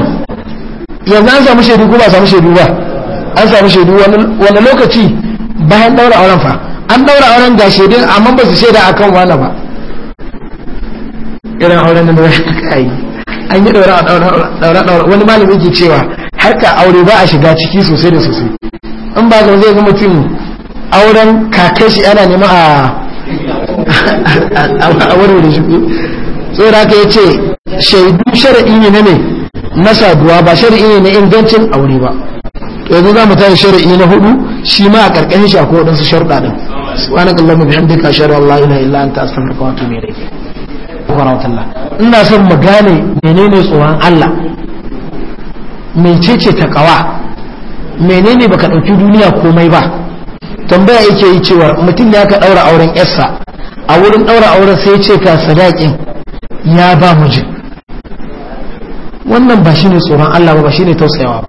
yanzu an samu shaidu ko ba samu shaidu ba an samu shaidu wani lokaci bayan ɗaura auren fa an ɗaura auren ga shaidu amma ba su shaida akan wani ba irin auren da ba shi kai an yi daura daura wani malami ke cewa harka aure ba a shiga ciki sosai da sosai in ba zai zama mutum auren kakashi shi ana nema a wani wani shi tsora ka ya ce shaidu shari'i ne ne na saduwa ba shari'i ne na ingancin aure ba yanzu za mu tashi shari'i na hudu shi ma a karkashin shi akwai waɗansu sharuɗa ɗin subhanakallahumma bihamdika ashhadu an la ilaha illa anta astaghfiruka wa atubu ilayk alaikum warahmatullah ina son mu gane menene tsoron Allah mecece takawa menene baka dauki duniya komai ba tambaya yake yi cewa mutum ya ka daura auren yarsa a wurin daura auren sai ce ka sadakin ya ba miji wannan ba shine tsoron Allah ba ba shine tausayawa ba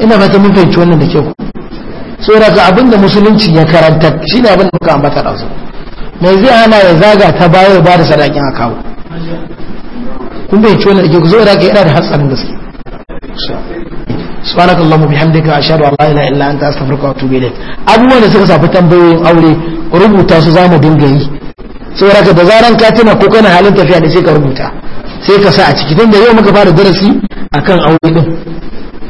ina fata mun fahimci wannan da ke ku saboda abin da musulunci ya karanta shine abin da muka ambata da su mai zai ana ya zaga ta bayo ba da sadakin a kawo kun bai ciwo na da ke ku zo da ka yana da hatsarin gaske subhanak allahumma bihamdika ashhadu Allah la ilaha illa anta astaghfiruka wa atubu ilayk abubuwan da suka safi tambayoyin aure rubuta su zamu dinga yi raka da zaran ka tuna ko kana halin tafiya da sai ka rubuta sai ka sa a ciki tunda yau muka fara darasi akan aure din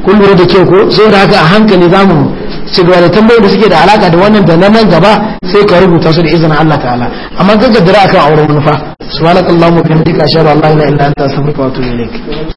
kun lura da kyau ko sai haka a hankali zamu shiga da tambayoyi da suke da alaka da wannan da na nan gaba sai ka rubuta su da izinin Allah ta'ala amma gaggadara akan auren nufa subhanakallahumma bihamdika ashhadu an la ilaha illa anta astaghfiruka wa atubu ilaik